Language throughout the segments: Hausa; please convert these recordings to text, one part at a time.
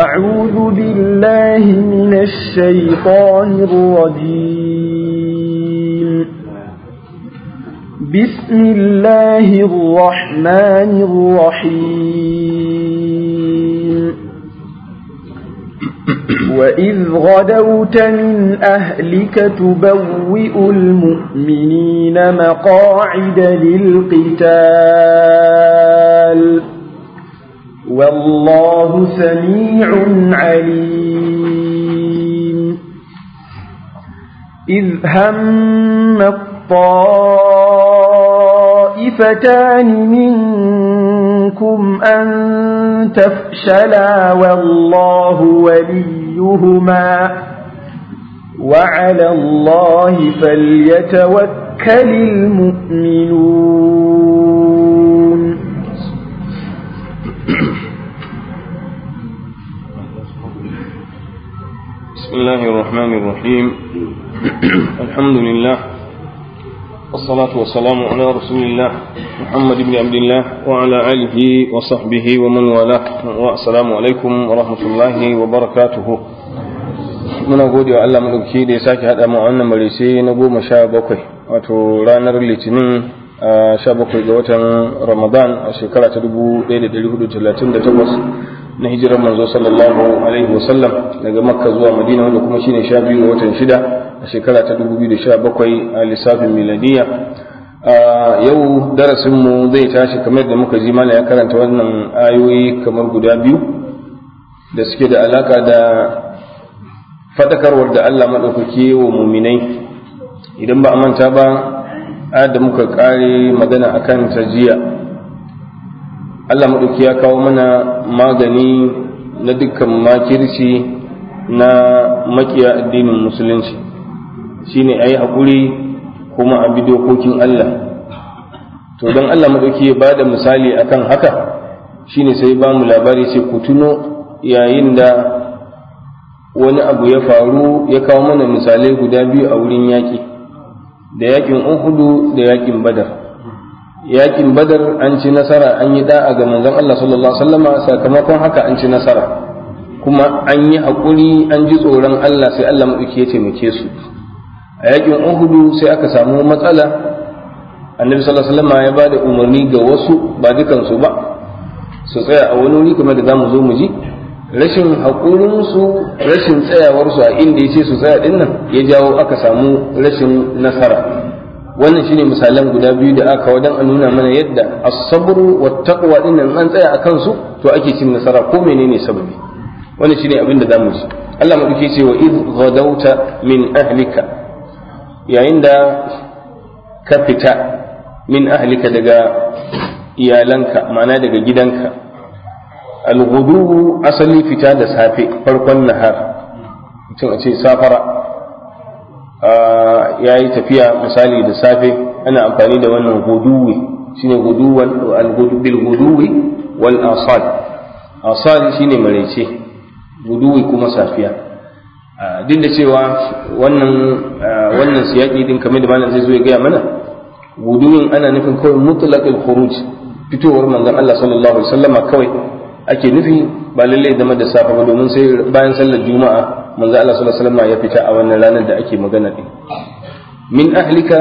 أعوذ بالله من الشيطان الرجيم بسم الله الرحمن الرحيم وإذ غدوت من أهلك تبوئ المؤمنين مقاعد للقتال والله سميع عليم إذ هم الطائفتان منكم أن تفشلا والله وليهما وعلى الله فليتوكل المؤمنون بسم الله الرحمن الرحيم الحمد لله والصلاة والسلام على رسول الله محمد بن عبد الله وعلى آله وصحبه ومن والاه والسلام عليكم ورحمة الله وبركاته muna gode wa Allah madauki da ya sake haɗa mu wannan marisi na goma sha bakwai wato ranar litinin 17 ga watan Ramadan a shekara ta 1438 na hijirar manzo sallallahu alaihi wasallam daga Makka zuwa Madina wanda kuma shine biyu ga watan shida a shekara ta 2017 a lissafin miladiya yau darasinmu zai tashi kamar da muka ji mana ya karanta wannan ayoyi kamar guda biyu da suke da alaka da fadakarwar da Allah maɗaukaki wa muminai idan ba a manta ba da muka kare magana akan tajiya jiya Allah maɗauki ya kawo mana magani na dukkan makirci na makiya addinin musulunci shine ayi haƙuri kuma a bi dokokin Allah to don Allah maɗauki ya ba da misali akan haka shine sai ba mu labari sai ku tuno yayin da wani abu ya faru ya kawo mana misalai guda biyu a wurin yaƙi da yakin uhudu da yakin badar yakin badar an ci nasara an yi da'a ga manzon Allah sallallahu alaihi wasallama sakamakon haka an ci nasara kuma an yi hakuri an ji tsoron Allah sai Allah madauki ya taimake su a yakin uhudu sai aka samu matsala annabi sallallahu alaihi wasallama ya bada umarni ga wasu ba dukansu ba su tsaya a wani wuri kamar da zamu zo mu ji rashin haƙurinsu rashin tsayawarsu a inda ya ce su tsaya ɗin nan ya jawo aka samu rashin nasara wannan shine misalan guda biyu da aka wadan a nuna mana yadda as-sabru wa taqwa din nan an tsaya a kansu, to ake cin nasara ko menene sababi wannan shine abin da zamu ci Allah duke ce wa id ghadawta min ahlika yayin da ka fita min ahlika daga iyalanka ma'ana daga gidanka al asali fita da safe farkon nahar mutum a ce safara ya yi tafiya misali da safe ana amfani da wannan guduwi shine guduwan al-gudubil guduwi wal asal asal shine marece guduwi kuma safiya duk da cewa wannan wannan siyaki din kamar da malam zai zo ya gaya mana guduwin ana nufin kawai mutlaqul khuruj fitowar manzon Allah sallallahu alaihi wasallama kawai ake nufi ba lallai zama da safa ba domin sai bayan sallar juma'a manzo Allah sallallahu alaihi wasallam ya fita a wannan ranar da ake magana din min ahlika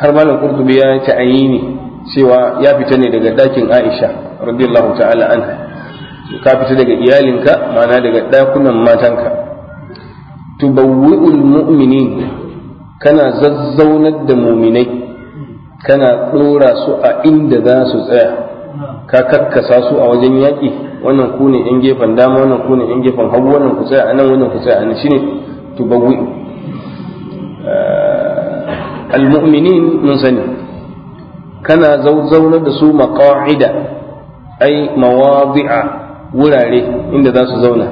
har malam qurtubi ya ta ayini cewa ya fita ne daga dakin Aisha radiyallahu ta'ala anha ka fita daga iyalinka ma'ana daga dakunan matanka tubawwi'ul mu'minin kana zazzaunar da muminai kana ɗora su a inda za su tsaya ka kakkasa su a wajen yaƙi wannan ku ne yan gefen dama wannan ku ne yan gefen hagu wannan ku tsaya a nan wannan ku tsaya a nan shine tubawwi eh, almu'minin mun sani kana zaunar da su maqa'ida ai mawadi'a wurare inda za su zauna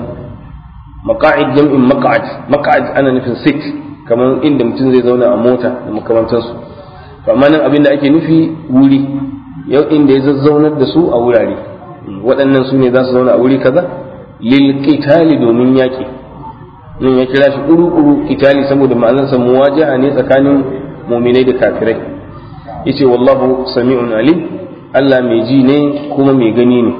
maqa'id jam'in maq'ad maq'ad ana nufin sit kamar inda mutum zai zauna a mota da makamantansu to amma nan abin da ake nufi wuri yau inda ya zazzaunar da su a wurare waɗannan su ne za su zauna a wuri kaza lil qitali domin yaƙi nan ya kira shi uru-uru qitali saboda ma'anar ma'anarsa muwajaha ne tsakanin muminai da kafirai yace wallahu sami'un alim Allah mai ji ne kuma mai gani ne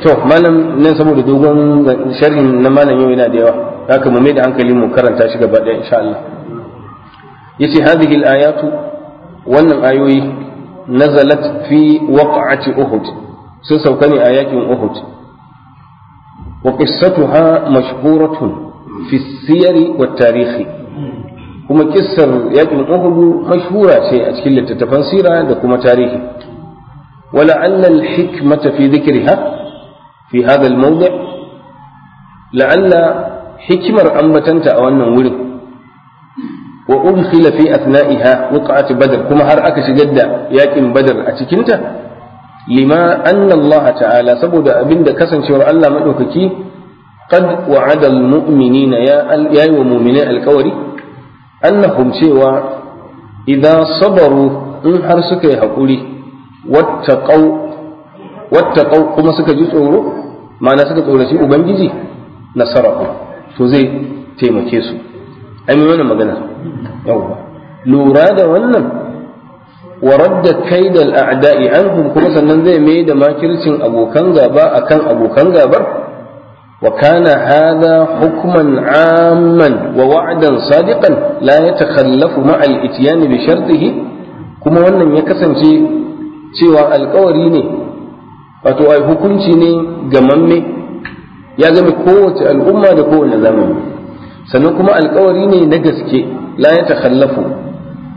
to malam nan saboda dogon sharhin na malam yau yana da yawa haka mu mai da hankali mu karanta shi gaba ɗaya insha Allah yace hadhihi al-ayatu wannan ayoyi نزلت في وقعة أحد سوكني آيات أهد وقصتها مشهورة في السير والتاريخ كما كسر آيات أحد مشهورة في أتكلة التفنسيرة لكم تاريخ ولعل الحكمة في ذكرها في هذا الموضع لعل حكمة أنبتنت أو أنه ولد wa udkhila fi athna'iha wuqa'at badr kuma har aka shigar da yakin badr a cikin ta lima anna Allah ta'ala saboda abinda kasancewar Allah madaukaki qad wa'ada muminina ya yayi wa mu'minai alkawari annahum cewa idan sabaru in har suka yi hakuri wattaqau wattaqau kuma suka ji tsoro ma'ana suka tsoraci ubangiji nasarahu to zai taimake su ai mana magana lura da wannan wa radda kaidal a'da'i anhum kuma sannan zai mai da makircin abokan gaba akan abokan gabar wa kana hadha hukman amman wa wa'dan sadiqan la yatakhallafu ma'a al-ityan bi shartihi kuma wannan ya kasance cewa alƙawari ne wato ai hukunci ne gamamme ya zama kowace al'umma da kowane zamani sannan kuma alkawari ne na gaske la ya takhallafu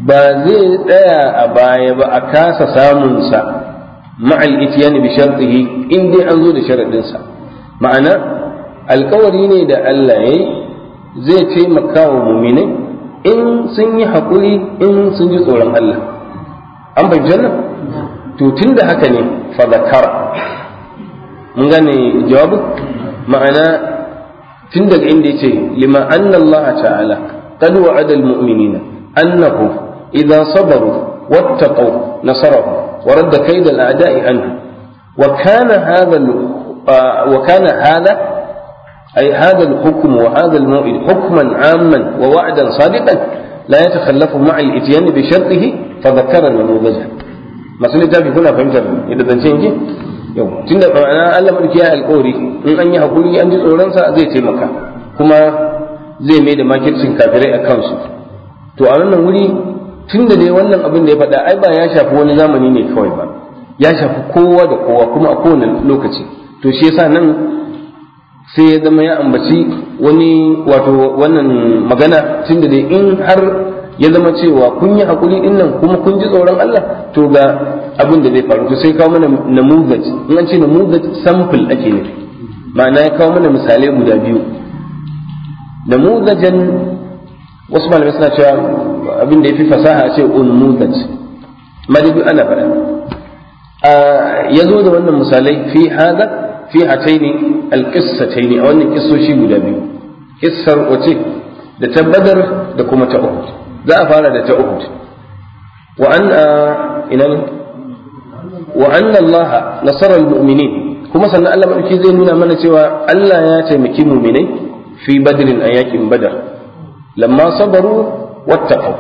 ba zai tsaya a baya ba a kasa samunsa ma'al itiyani bi shartihi in dai an zo da sharadinsa ma'ana alkawari ne da Allah ya yi zai taimaka wa mu'minai in sun yi haƙuri in sun ji tsoron Allah an bai janna to tun da haka ne fa zakara mun gane jawabu ma'ana tun daga inda yace lima anna Allah ta'ala قد وعد المؤمنين أنهم إذا صبروا واتقوا نصرهم ورد كيد الأعداء عنه وكان هذا آه، وكان هذا أي هذا الحكم وهذا الموئد حكما عاما ووعدا صادقا لا يتخلف مع الإتيان بشرطه فذكر النموذج ما littafi kuna fahimtar إذا zance yake yau أنا ma'ana Allah madauki ya alƙawari in an أن hakuri an المكان tsoronsa zai mai da makircin kafirai a kansu to a wannan wuri tun da dai wannan abin da ya faɗa ai ba ya shafi wani zamani ne kawai ba ya shafi kowa da kowa kuma a kowane lokaci to shi yasa nan sai ya zama ya ambaci wani wato wannan magana tun da dai in har ya zama cewa kun yi hakuri din nan kuma kun ji tsoron Allah to ga abin da zai faru to sai kawo mana namuzaj in an ce namuzaj sample ake nufi ma'ana ya kawo mana misalai guda biyu namudajan wasu malamai suna cewa abinda ya fi fasaha ce unmudaj malibu ana faɗa ya zo da wannan misalai fi hada fi hataini alƙissataini a wannan ƙissoshi guda biyu ƙissar wace da tabbadar da kuma ta uhud za a fara da ta uhud wa an ina wa kuma sannan Allah zai nuna mana cewa Allah ya taimaki mu'minai fi badrin a yakin badar lamma sabaru wattaqu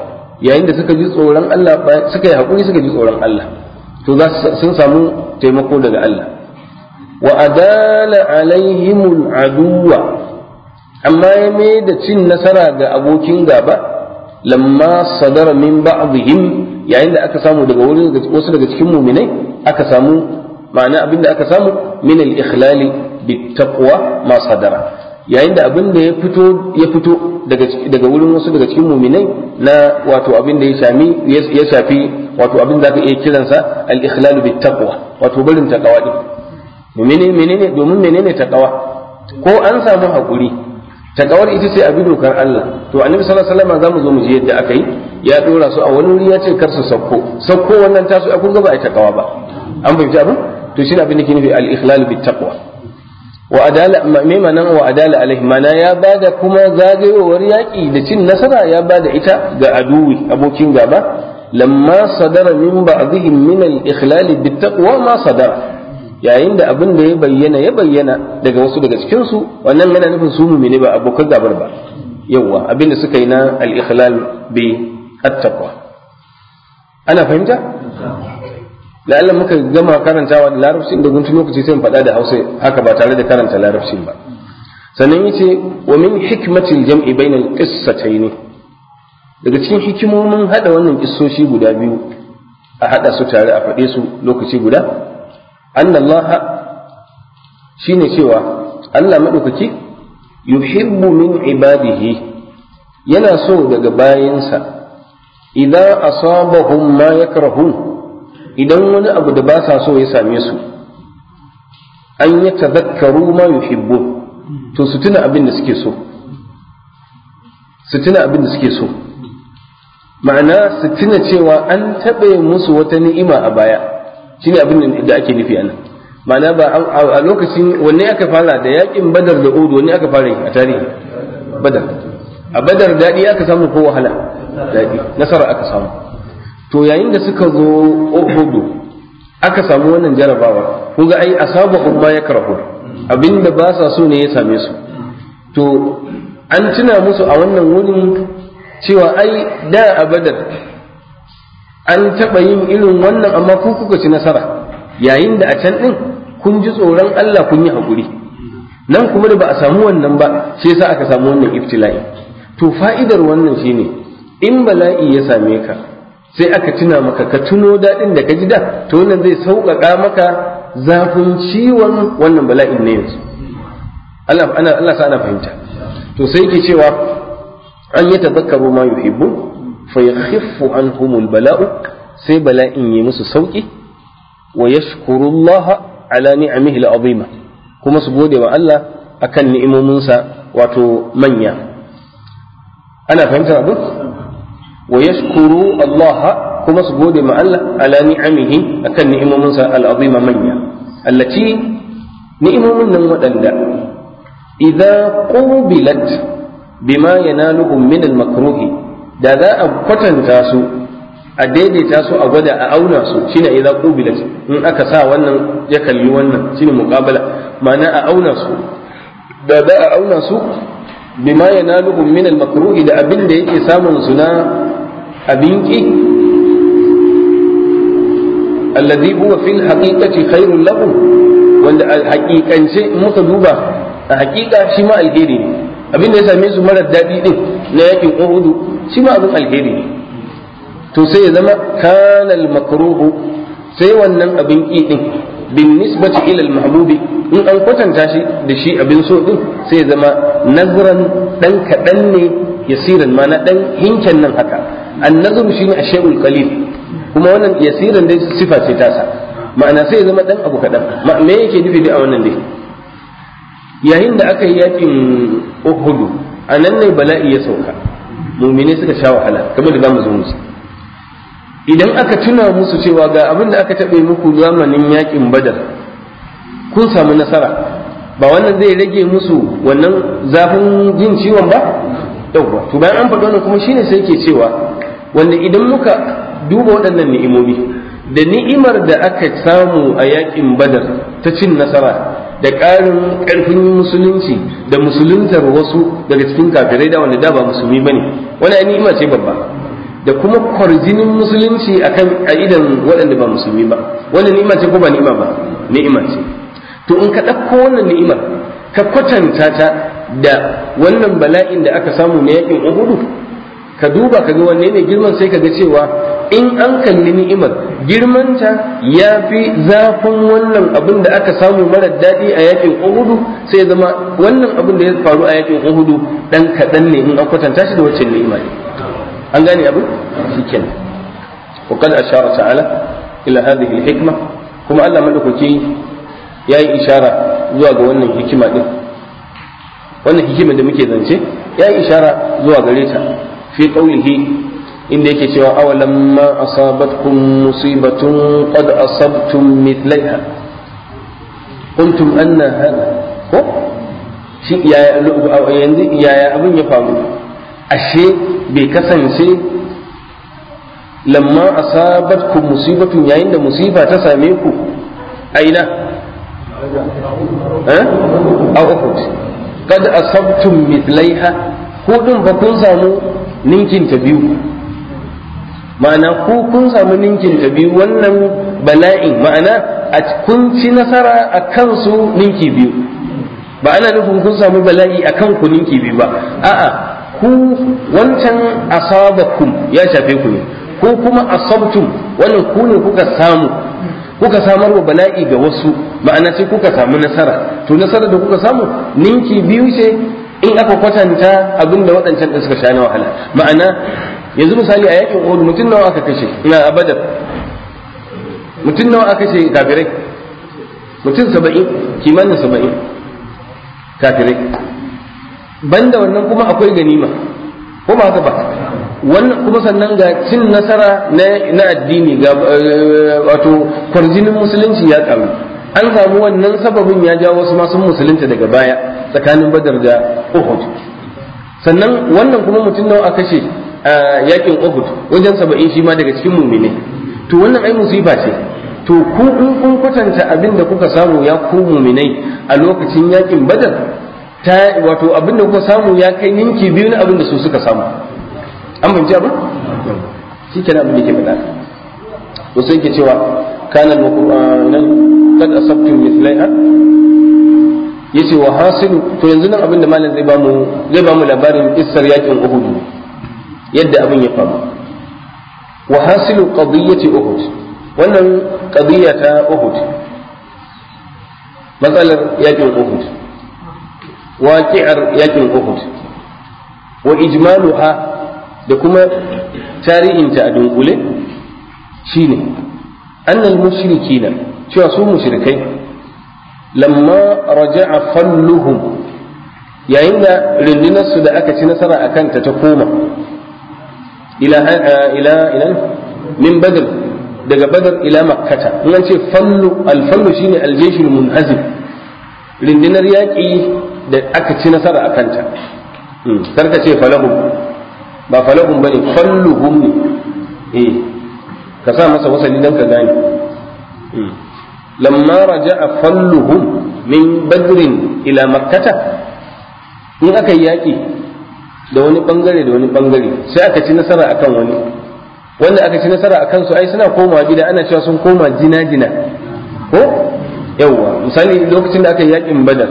yayin da suka ji tsoron Allah suka yi hakuri suka ji tsoron Allah to za sun samu taimako daga Allah wa adala alaihimul aduwa amma ya mai da cin nasara ga abokin gaba lamma sadara min ba'dihim yayin da aka samu daga wurin wasu daga cikin muminai aka samu ma'ana abinda aka samu min al-ikhlali bit taqwa ma sadara yayin da abin da ya fito ya fito daga wurin wasu daga cikin muminai na wato abin da ya sami ya shafi wato abin da aka iya kiransa al-ikhlalu bit taqwa wato barin taqwa din menene menene domin menene taqwa ko an samu hakuri taqawar ita ce abin dokar Allah to annabi sallallahu alaihi wasallam zamu zo mu ji yadda aka yi ya dora su a wani wuri ya ce kar su sakko sakko wannan tasu a kun ga ba ai taqwa ba an fahimci abin to shi abin da ke nufi al-ikhlalu bit taqwa wa maimanan wa adala alaihi mana ya bada kuma zagayowar yaƙi da cin nasara ya bada ita ga aduwi abokin gaba lamma sadara min ba'dihim min al-ikhlal bittaqwa ma sadara yayin da abin da ya bayyana ya bayyana daga wasu daga cikin su wannan yana nufin su mumine ba abokan gabar ba yawa abin da suka yi na al-ikhlal bi at-taqwa ana fahimta la'alla muka gama karantawa da larabci da guntun lokaci sai mu faɗa da hausa haka ba tare da karanta larabci ba sannan yace wa min hikmatil jam'i bainal qissatayn daga cikin hikimomin hada wannan kissoshi guda biyu a hada su tare a faɗe su lokaci guda annallaha shine cewa Allah madaukaki yuhibbu min ibadihi yana so daga bayansa idan asabahum ma yakrahun idan wani abu da ba sa so ya same su an yi tazakkaru ma yuhibbu to su tuna abin da suke so su tuna abin da suke so ma'ana su tuna cewa an taɓa musu wata ni'ima a baya shine abin da ake nufi anan ma'ana ba a lokacin wanne aka fara da yakin badar da udu wanne aka fara a tarihi badar a badar daɗi aka samu ko wahala daɗi nasara aka samu to yayin da suka zo uhudu aka samu wannan jarabawa ko ga ai asabahum umma yakrahu abinda ba sa so ne ya same su to an tuna musu a wannan wurin cewa ai da abadan an taɓa yin irin wannan amma ku kuka ci nasara yayin da a can ɗin kun ji tsoron Allah kun yi haƙuri nan kuma da ba a samu wannan ba shi yasa aka samu wannan iftila'i to fa'idar wannan shine in bala'i ya same ka sai aka tuna maka ka tuno daɗin da ka ji da to wannan zai sauƙaƙa maka zafin ciwon wannan bala'in ne yanzu Allah ana Allah sa ana fahimta to sai yake cewa an yi tazakkaru ma yuhibbu fa yakhiffu anhum bala'u sai bala'in yi musu sauƙi wa Allah ala ni'amihi al'azima kuma su gode wa Allah akan ni'imominsa wato manya ana fahimta abu wa yashkuru Allah kuma su gode ma Allah ala ni'amihi akan ni'imominsa al'azima manya allati ni'imomin nan waɗanda idza qubilat bima yanaluhum min al-makruhi da za a kwatanta su a daidaita su a gwada a auna su shine idza qubilat in aka sa wannan ya kalli wannan shine muqabala ma'ana a auna su da za a auna su bima da yake samun suna. abin ki allazi huwa fil haqiqati khairul lahu wanda hakikance muka duba a haƙiƙa shi ma alheri ne abin da ya same su marar daɗi ɗin na yakin uhudu shi ma abin alheri ne to sai ya zama kanal makruhu sai wannan abin ɗin bin nisbati ila mahbubi in an kwatanta shi da shi abin so ɗin sai ya zama nazran ɗan kaɗan ne yasiran ma na ɗan hinken nan haka annazur shine ashayul qalil kuma wannan yasirin dai sifa ce tasa ma'ana sai ya zama dan abu kadan me yake nufi da wannan dai yayin da aka yi yakin uhudu a nan ne bala'i ya sauka mumine suka sha wahala kamar da zamu zo musu idan aka tuna musu cewa ga abin da aka taɓe muku zamanin yakin badar kun samu nasara ba wannan zai rage musu wannan zafin jin ciwon ba yauwa to bayan an faɗi wannan kuma shine sai ke cewa wanda idan muka duba waɗannan ni'imomi da ni'imar da aka samu a yakin badar ta cin nasara da ƙarin ƙarfin musulunci da musuluntar wasu daga cikin kafirai da wanda da ba musulmi ne, wani ni'ima ce babba da kuma kwarjinin musulunci akan idan waɗanda ba musulmi ba wani ni'ima ce ko ba ni'ima ba ni'ima ce to in ka ɗauko wannan ni'imar ka kwatanta ta da wannan bala'in da aka samu na yakin uhudu ka duba ka ga wanne ne girman sai ka ga cewa in an kalli ni'imar girmanta ya fi zafin wannan abin da aka samu mara daɗi a yakin uhudu sai zama wannan abin da ya faru a yakin uhudu ɗan kaɗan ne in an kwatanta shi da wacce ni'ima ne an gane abin shikenan wa a ashara ta'ala ila hadhihi al-hikma kuma Allah madaukaki yayi ishara zuwa ga wannan hikima din wannan hikima da muke zance yayi ishara zuwa gare ta fi qawlihi inda yake cewa awalam ma asabatkum musibatun qad asabtum mithlaiha kuntum anna hada ko shi yaya yanzu yaya abin ya faru ashe bai kasance lamma asabatkum musibatun yayin da musiba ta same ku aina eh? a uhud kad asabtum ko din ba kun samu ninkin ta biyu ma'ana ku kun samu ninkin ta biyu wannan bala'in ma'ana a kun ci nasara a kansu ninki biyu ba ana nufin kun samu bala'i a kan ku ninki biyu ba a'a ku wancan asabakum ya shafe ku ne ko kuma asabtum wannan ku ne kuka samu kuka samar wa bala'i ga wasu ma'ana sai kuka samu nasara to nasara da kuka samu ninki biyu ce in aka kwatanta abin da waɗancan ɗin suka sha na wahala ma'ana yanzu misali a yakin uhud mutum nawa aka kashe na abadar mutum nawa aka kashe kafirai mutum saba'in kimanin saba'in kafirai banda wannan kuma akwai ganima ko ba haka ba wannan kuma sannan ga cin nasara na addini ga eh, wato kwarjinin musulunci ya karu an samu wannan sababin ya jawo wasu masu musulunta daga baya tsakanin badar da uhud sannan wannan kuma mutum nawa aka ce a yakin uhud wajen saba'in shi ma daga cikin mumine to wannan ai musiba ce to ku in kun kwatanta abin da kuka samu ya ku muminai a lokacin yakin badar ta wato abin da kuka samu ya kai ninki biyu na abin da su suka samu an fahimci abin shi kenan abin da ke faɗa to sai ke cewa kana nan qad asabtum mithlaiha yace wa hasilu to yanzu nan abinda malam zai bamu zai bamu labarin kissar yakin uhud yadda abin ya faru wa hasilu qadiyati uhud wannan qadiyya ta uhud matsalar yakin uhud waqi'ar yakin uhud wa ijmaluha da kuma tarihinta a dunkule shine annal mushrikina cewa su mushrikai lamma raja'a falluhum yayin da rundunarsu da aka ci nasara a kanta ta koma ila ila ila min badr daga badar ila makkata in an ce fallu alfallu shine aljeshul munhazim rundunar yaƙi da aka ci nasara a kanta hmm, karka ce falahum ba falahum bane falluhum ne eh ka sa masa wasanni dan ka gane hmm. لما رجع فلهم min بدر ila makkata in aka yi da wani bangare da wani bangare sai aka ci nasara akan wani wanda aka ci nasara a kansu ai suna komawa gida ana cewa sun koma jina-jina ko yawwa misali lokacin da aka yi yaƙin badar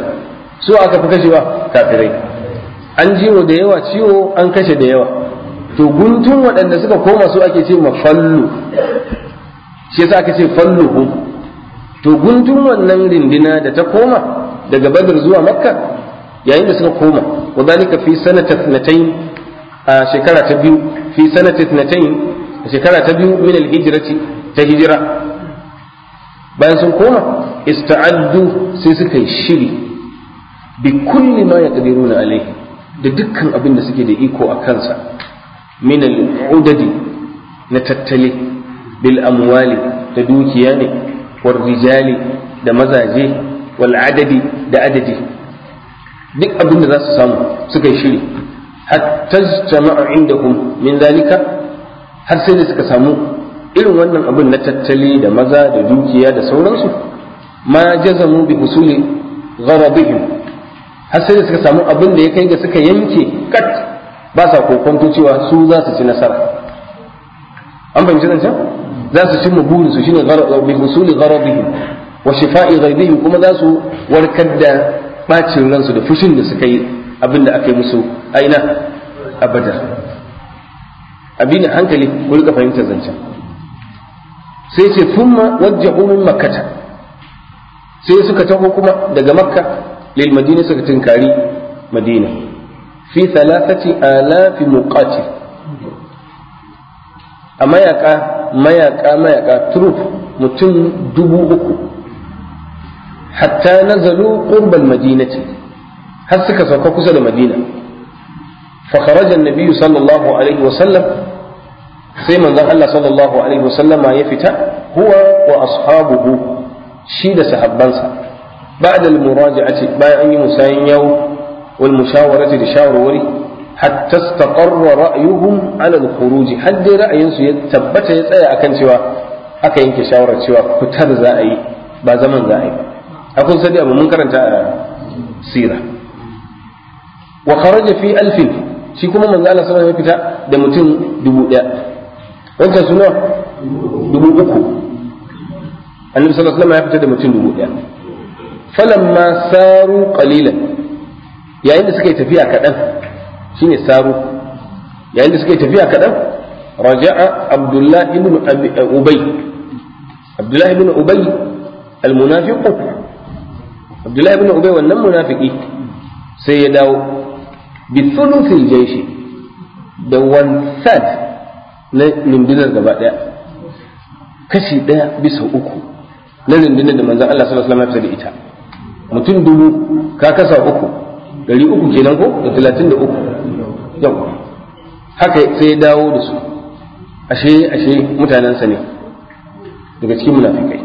su aka fi kashewa kafirai an da yawa ciwo an kashe to guntun waɗanda suka koma su ake ce ma fallu shi yasa aka ce falluhum to guntun wannan rindina da ta koma daga badar zuwa makka yayin da suka koma wa zalika fi sanata thnatayn a shekara ta biyu fi sanata thnatayn a shekara ta biyu min alhijrati ta hijira bayan sun koma ista'addu sai suka yi shiri bi kulli ma yaqdiruna alayhi da dukkan abin da suke da iko a kansa min al-udadi na tattali bil amwali da dukiya ne rijali da mazaje wal adadi da adadi duk abin da za su samu suka yi shiri hatta jama'a kun min zalika har sai da suka samu irin wannan abin na tattali da maza da dukiya da sauransu ma jazamu bi husuli gharadihim har sai da suka samu abin da ya kai ga suka yanke kat ba sa kokonto cewa su za su ci nasara an fahimci za su cimma burinsu shine bi husuli gharadihim wa shifa'i ghaidihim kuma za su warkar da bacin ransu da fushin da suka yi abinda aka yi musu aina abada. abin hankali ku rika fahimtar zancen sai ce thumma wajjahu min makkata sai suka taho kuma daga makka lil madina suka tinkari madina fi thalathati alafi muqatil a mayaka mayaka mayaka turuf mutum dubu uku hatta nazalu qurbal madinati har suka sauka kusa da madina fa kharaja annabi sallallahu alaihi wa sallam sai manzon Allah sallallahu alaihi wa sallama ya fita huwa wa ashabuhu shi da sahabbansa ba'da al-muraji'ati bayan an yi musayin yau wal mushawarati da shawarwari hatta istaqarra ra'yuhum ala al-khuruj har dai su ya tabbata ya tsaya akan cewa aka yanke shawarar cewa fitar za a yi ba zaman za a yi ba akun sadi abu mun karanta a sira wa kharaja fi alfin shi kuma manzo Allah sallallahu alaihi ya fita da mutum dubu daya wancan suna dubu uku annabi sallallahu alaihi ya fita da mutum dubu daya falamma saru qalilan yayin da suka yi tafiya kaɗan shine saru yayin da suka yi tafiya kaɗan raja'a abdullahi ibn eh, ubay abdullahi ibn ubay almunafiq abdullahi ibn ubay wannan munafiki sai ya dawo bi thuluthil jayshi da one third na nimbinar gaba daya kashi daya bisa uku na rundunar da manzon Allah sallallahu alaihi wasallam ya da ita mutum dubu ka kasa uku dari uku kenan ko da talatin da uku yawa haka sai dawo da su ashe ashe mutanensa ne daga cikin munafikai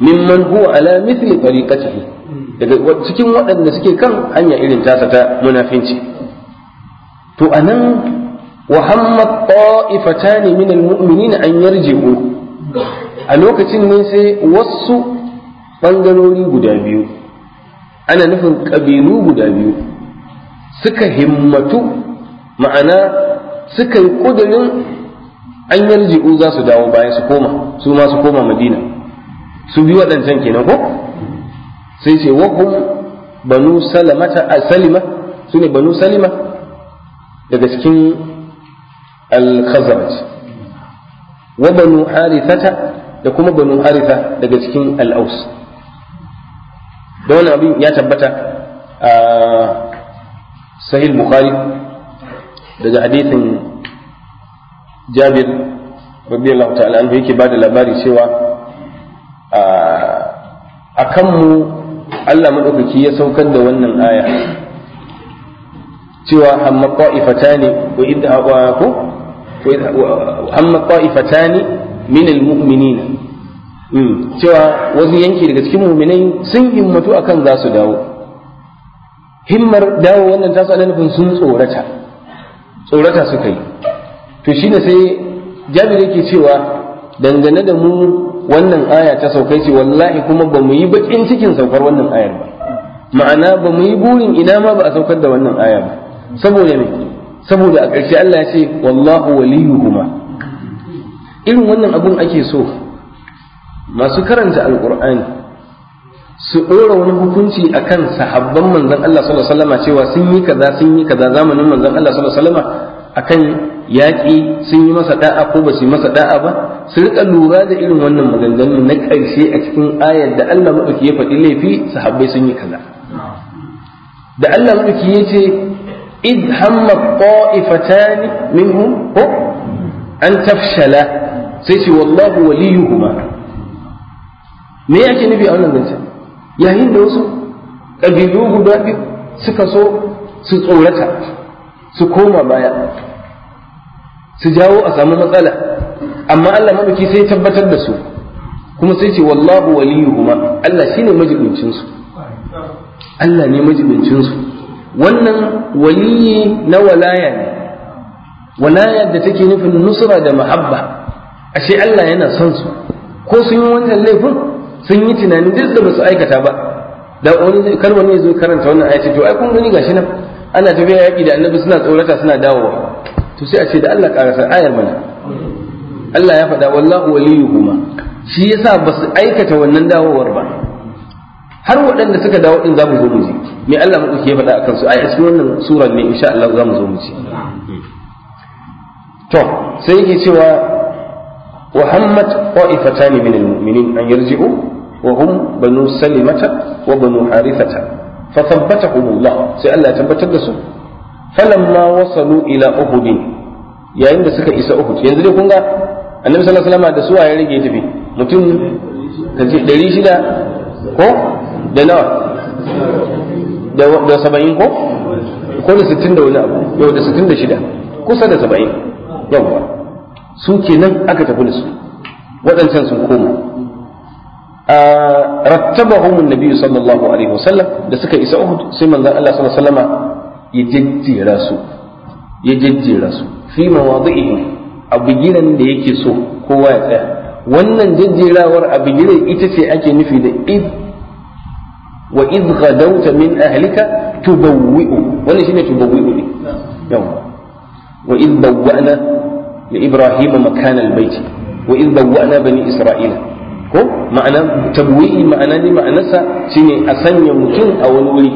mimman huwa ala mithli tariqatihi daga cikin waɗanda suke kan hanya irin tasa ta munafinci to anan wa hamma ta'ifatan min almu'minin an yarji'u a lokacin ne sai wasu bangarori guda biyu ana nufin ƙabilu guda biyu suka himmatu ma'ana suka yi kudurin an yarji'u za su dawo bayan su koma su ma su koma madina su bi waɗancan kenan ko sai ce wahum banu salamata a salima su ne banu salima daga cikin al wa banu harithata da kuma banu haritha daga cikin al-aus da wani abin ya tabbata a sahih bukhari daga hadithin jabir radiyallahu ta'ala anhu yake bada labari cewa a mu Allah madaukaki ya saukar da wannan aya cewa amma qa'ifatani wa idha ko amma qa'ifatani min almu'minin hmm, cewa wasu yanki daga cikin mu'minai sun himmatu akan za su dawo himmar dawo wannan tasu ala nufin sun tsorata tsorata suka yi to shi ne sai jabir yake cewa dangane da mu wannan aya ta saukai ce wallahi kuma ba mu yi bakin cikin saukar wannan ayar ba ma'ana ba mu yi burin ina ma ba a saukar da wannan aya ba saboda me saboda a ƙarshe Allah ya ce wallahu waliyuhuma irin wannan abun ake so masu karanta alqur'ani su ɗora wani hukunci akan sahabban manzan Allah sallallahu alaihi wasallam cewa sun yi kaza sun yi kaza zamanin manzan Allah sallallahu alaihi wasallam akan yaƙi sun yi masa da'a ko ba su yi masa da'a ba su riƙa lura da irin wannan maganganu na ƙarshe a cikin ayar da Allah maɗauki ya faɗi laifi sahabbai sun yi kaza da Allah maɗauki ya ce id hamma qa'ifatan minhum ko an tafshala sai ce wallahu waliyuhuma me yake nufi a wannan zancen yayin da wasu ƙabilu guda biyu suka so su tsorata su koma baya su jawo a samu matsala amma Allah madauki sai tabbatar da su kuma sai ce wallahu waliyuhuma Allah shine majibincin su Allah ne majibincin su wannan waliyi na walaya ne walaya da take nufin nusra da mahabba ashe Allah yana son su ko sun yi wannan laifin sun yi tunanin duk da su aikata ba da wani kar ne zo karanta wannan ayati to ai kun gani gashi nan ana tafiya yaki da annabi suna tsorata suna dawowa to sai a ce da Allah karasa ayar mana Allah ya faɗa wallahu waliyuhuma shi yasa su aikata wannan dawowar ba har waɗanda suka dawo din mu zo mu ji me Allah madauki ya faɗa akan su a cikin wannan surar ne insha Allah za mu zo mu ji to sai yake cewa wa hammat qa'ifatan min al-mu'minin an yarji'u وهم بنو سلمة وبنو حارثة فثبتهم الله سألا تبتد سو فلما وصلوا إلى أهد يا إن سكا إسا أهد ينزل يكون النبي صلى الله عليه وسلم هذا سوى يريد يتبي متن دليل شدا ko da nawa da saba'in ko ko da sittin da wani abu yau da sittin da shida kusa da saba'in yawwa su kenan aka tafi da su waɗancan sun koma rattabahum annabi sallallahu alaihi wasallam da suka isa Uhud sai manzon Allah sallallahu alaihi wasallama ya jejjera su ya jejjera su fi mawadi'ihi a bigiran da yake so kowa ya tsaya wannan jejjerawar a bigiran ita ce ake nufi da id wa id ghadawta min ahlika tubawwi'u wannan shine tubawwi'u ne yawa wa id bawwa'na li ibrahima makana albayt wa id bawwa'na bani isra'ila ko ma'ana tabwi'i ma'ana ne ma'anarsa shine a sanya mutum a wani wuri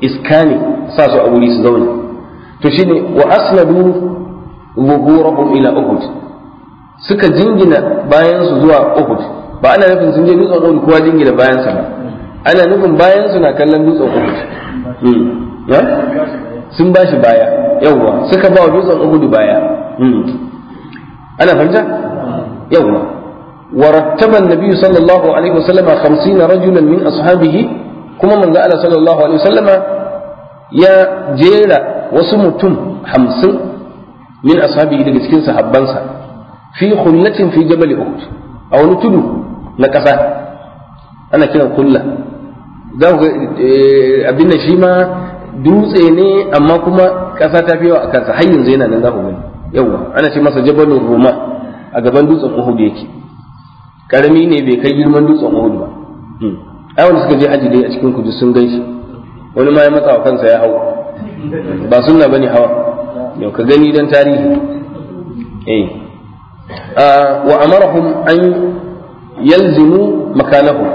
iskani sa su a wuri su zauna to shine wa asnadu zuhurahum ila uhud suka jingina bayan su zuwa uhud ba ana nufin sun je dutsen uhud kowa jingina bayan sa ba ana nufin bayan su na kallon dutsen uhud hmm. sun ba shi baya yawwa suka ba wa dutsen uhud baya hmm. ana fahimta yawwa ورتب النبي صلى الله عليه وسلم خمسين رجلا من أصحابه كما من قال صلى الله عليه وسلم يا جيرا وسمتم خمسين من أصحابه إذا كسكين صحبانسا في خلة في جبل أحد أو نتدو نكسا أنا كنا خلة za ku abin da shi ma dutse ne amma kuma ƙasa ta fi yawa a kansa har yanzu yana nan za ku gani yawa ana ce masa jabalin roma a gaban dutsen uhud yake karami ne bai kai girman dutsen Uhud ba hmm. ai wanda suka je haji dai a cikin kudu sun gaishe wani ma ya matsa wa kansa ya hau ba sunna bane hawa yau ka gani dan tarihi eh wa amarahum an yalzimu makanahum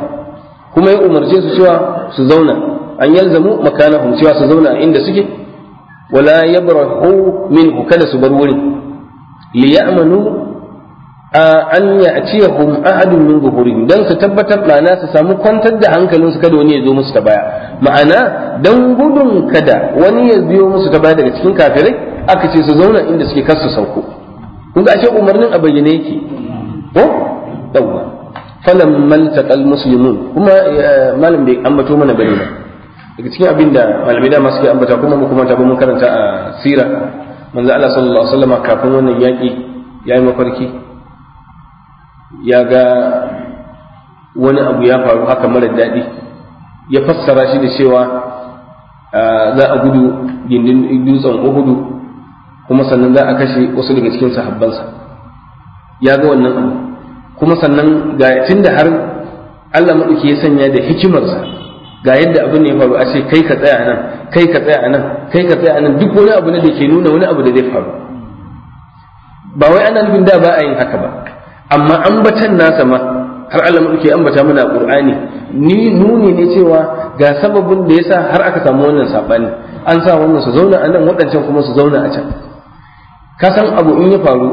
kuma ya umarce su cewa su zauna an yalzamu makanahum cewa su zauna inda suke wala yabrahu minhu kada su bar wurin li ya'manu an ya atiyahum ahadun min buhurin dan su tabbatar ma'ana su samu kwantar da hankalin su kada wani ya zo musu ta baya ma'ana dan gudun kada wani ya biyo musu ta baya daga cikin kafirai aka ce su zauna inda suke kar su sauko kun ga ashe umarnin a bayyane yake ko falam man taqal muslimun kuma malam bai ambato mana bane ba daga cikin abin da malamai dama suke ambata kuma mu kuma ta mun karanta a sira manzo Allah sallallahu alaihi wasallam kafin wannan yaki yayi mafarki ya ga wani abu ya faru haka mara daɗi ya fassara shi da cewa za a gudu gindin dutsen uhudu kuma sannan za a kashe wasu daga cikin sahabbansa ya ga wannan abu kuma sannan ga tun da har Allah maɗauki ya sanya da hikimarsa ga yadda abin ne ya faru a ce kai ka tsaya nan kai ka tsaya nan kai ka tsaya nan duk wani abu ne da ke nuna wani abu da zai faru ba wai ana nufin da ba a yin haka ba amma ambatan nasa ma har Allah muke ambata mana Qur'ani ni nuni ne cewa ga sababin da yasa har aka samu wannan sabani an sa wannan su zauna a nan waɗancan kuma su zauna a can ka san abu in ya faru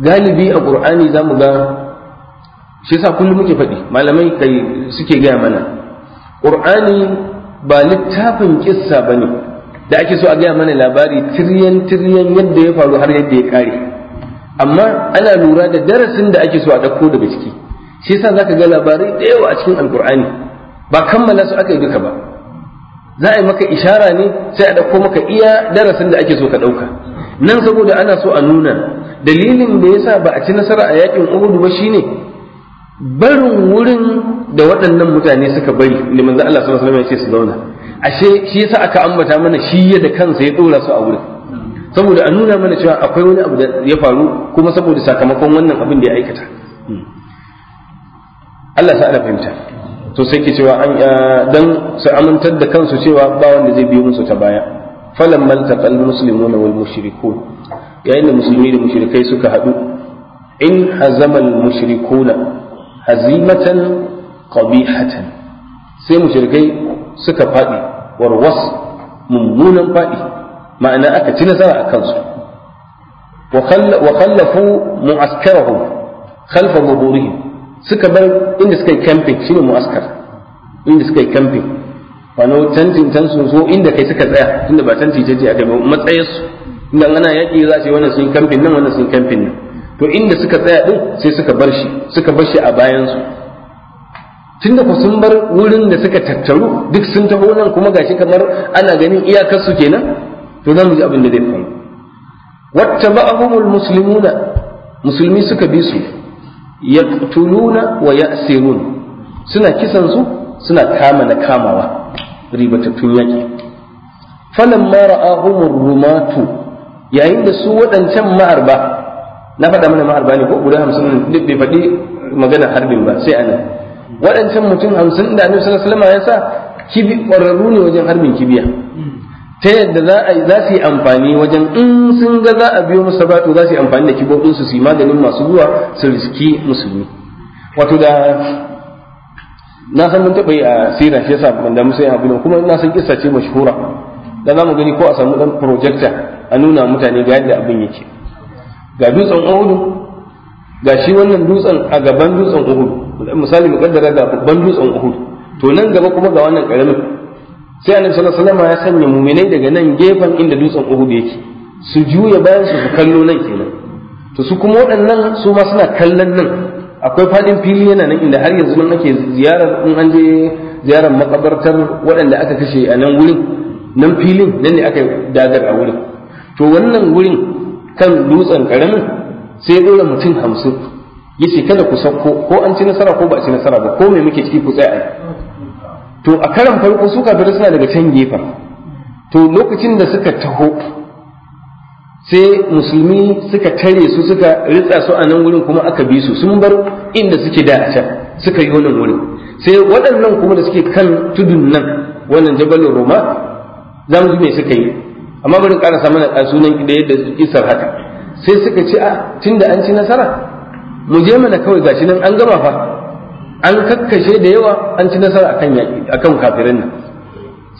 galibi a Qur'ani zamu ga shi yasa kullum muke faɗi malamai kai suke gaya mana Qur'ani ba littafin kissa bane da ake so a gaya mana labari tiryen tiryan yadda ya faru har yadda ya kare amma ana lura da darasin da ake so a ɗauko daga ciki shi yasa zaka ga labarai da yawa a cikin alkur'ani ba kammala su aka yi duka ba za a yi maka ishara ne sai a dauko maka iya darasin da ake so ka ɗauka nan saboda ana so a nuna dalilin da yasa ba a ci nasara a yakin uhudu ba shine barin wurin da waɗannan mutane suka bari ne manzo Allah sallallahu alaihi wasallam ya ce su zauna ashe shi yasa aka ambata mana shi ya da kansa ya dora su a wurin saboda a nuna mana cewa akwai wani abu da ya faru kuma saboda sakamakon wannan abin da ya aikata hmm. Allah sa ana fahimta to sai ke cewa dan su amintar da kansu cewa ba wanda zai biyo musu ta baya falan maltaqal muslimuna wal mushrikun yayin da musulmi da mushrikai suka haɗu in hazama al mushrikuna hazimatan qabihatan sai mushrikai suka faɗi warwas mummunan faɗi ma'ana aka ci nasara a kansu wa khallafu mu'askarahu khalfa zuhurihim suka bar inda suka yi camping shine mu'askar inda suka yi camping wani tantin tan su so inda kai suka tsaya tunda ba tantin jeje aka yi matsayin su inda ana yaƙi za su yi wannan sun camping nan wannan sun camping nan to inda suka tsaya din sai suka bar shi suka bar shi a bayan su tunda ku sun bar wurin da suka tattaru duk sun taho nan kuma gashi kamar ana ganin iyakar su kenan to za mu ji abin da zai faru ba'ahumul muslimuna musulmi suka bi su ya yaqtuluna wa ya asirun suna kisan su suna kama na kamawa ribatattun yaki mara ahumul rumatu yayin da su waɗancan ma'arba na faɗa mana ma'arba ne ko guda hamsin duk bai faɗi magana harbin ba sai anan waɗancan mutum hamsin da annabi sallallahu alaihi wasallam ya sa kibi ƙwararru ne wajen harbin kibiya ta yadda za a za su yi amfani wajen in sun ga za a biyo musu sabatu za su yi amfani da kibobin su su maganin masu zuwa su riski musulmi wato da na san mun taɓa yi a sirar shi yasa ban da musu abin kuma na san kissa ce mashhura da za mu gani ko a samu dan projector a nuna mutane ga yadda abin yake ga dutsen Uhud ga shi wannan dutsen a gaban dutsen Uhud misali mu kaddara ga babban dutsen Uhud to nan gaba kuma ga wannan karamin sai annabi sallallahu alaihi wasallam ya sanya muminai daga nan gefen inda dutsen Uhud yake su juya bayan su su kallo nan kenan to su kuma waɗannan su ma suna kallon nan akwai fadin fili yana nan inda har yanzu nan ake ziyarar in an je ziyarar makabartar waɗanda aka kashe a nan wurin nan filin nan ne aka dagar a wurin to wannan wurin kan dutsen karamin sai dole mutum hamsin yace kada ku sauko ko an ci nasara ko ba a ci nasara ba ko me muke ciki ku tsaya to a karan farko su kafirai suna daga can gefen to lokacin da suka taho sai musulmi suka tare su suka ritsa su a nan wurin kuma aka bi su sun bar inda suke da a can suka yi wannan wurin sai waɗannan kuma da suke kan tudun nan wannan jabalin roma za mu me suka yi amma bari ƙarasa mana a sunan da yadda isar haka sai suka ce a ah, tun da an ci nasara mu je mana kawai gashi nan an gama fa an kakkashe da yawa an ci nasara akan yaƙi akan kafirin nan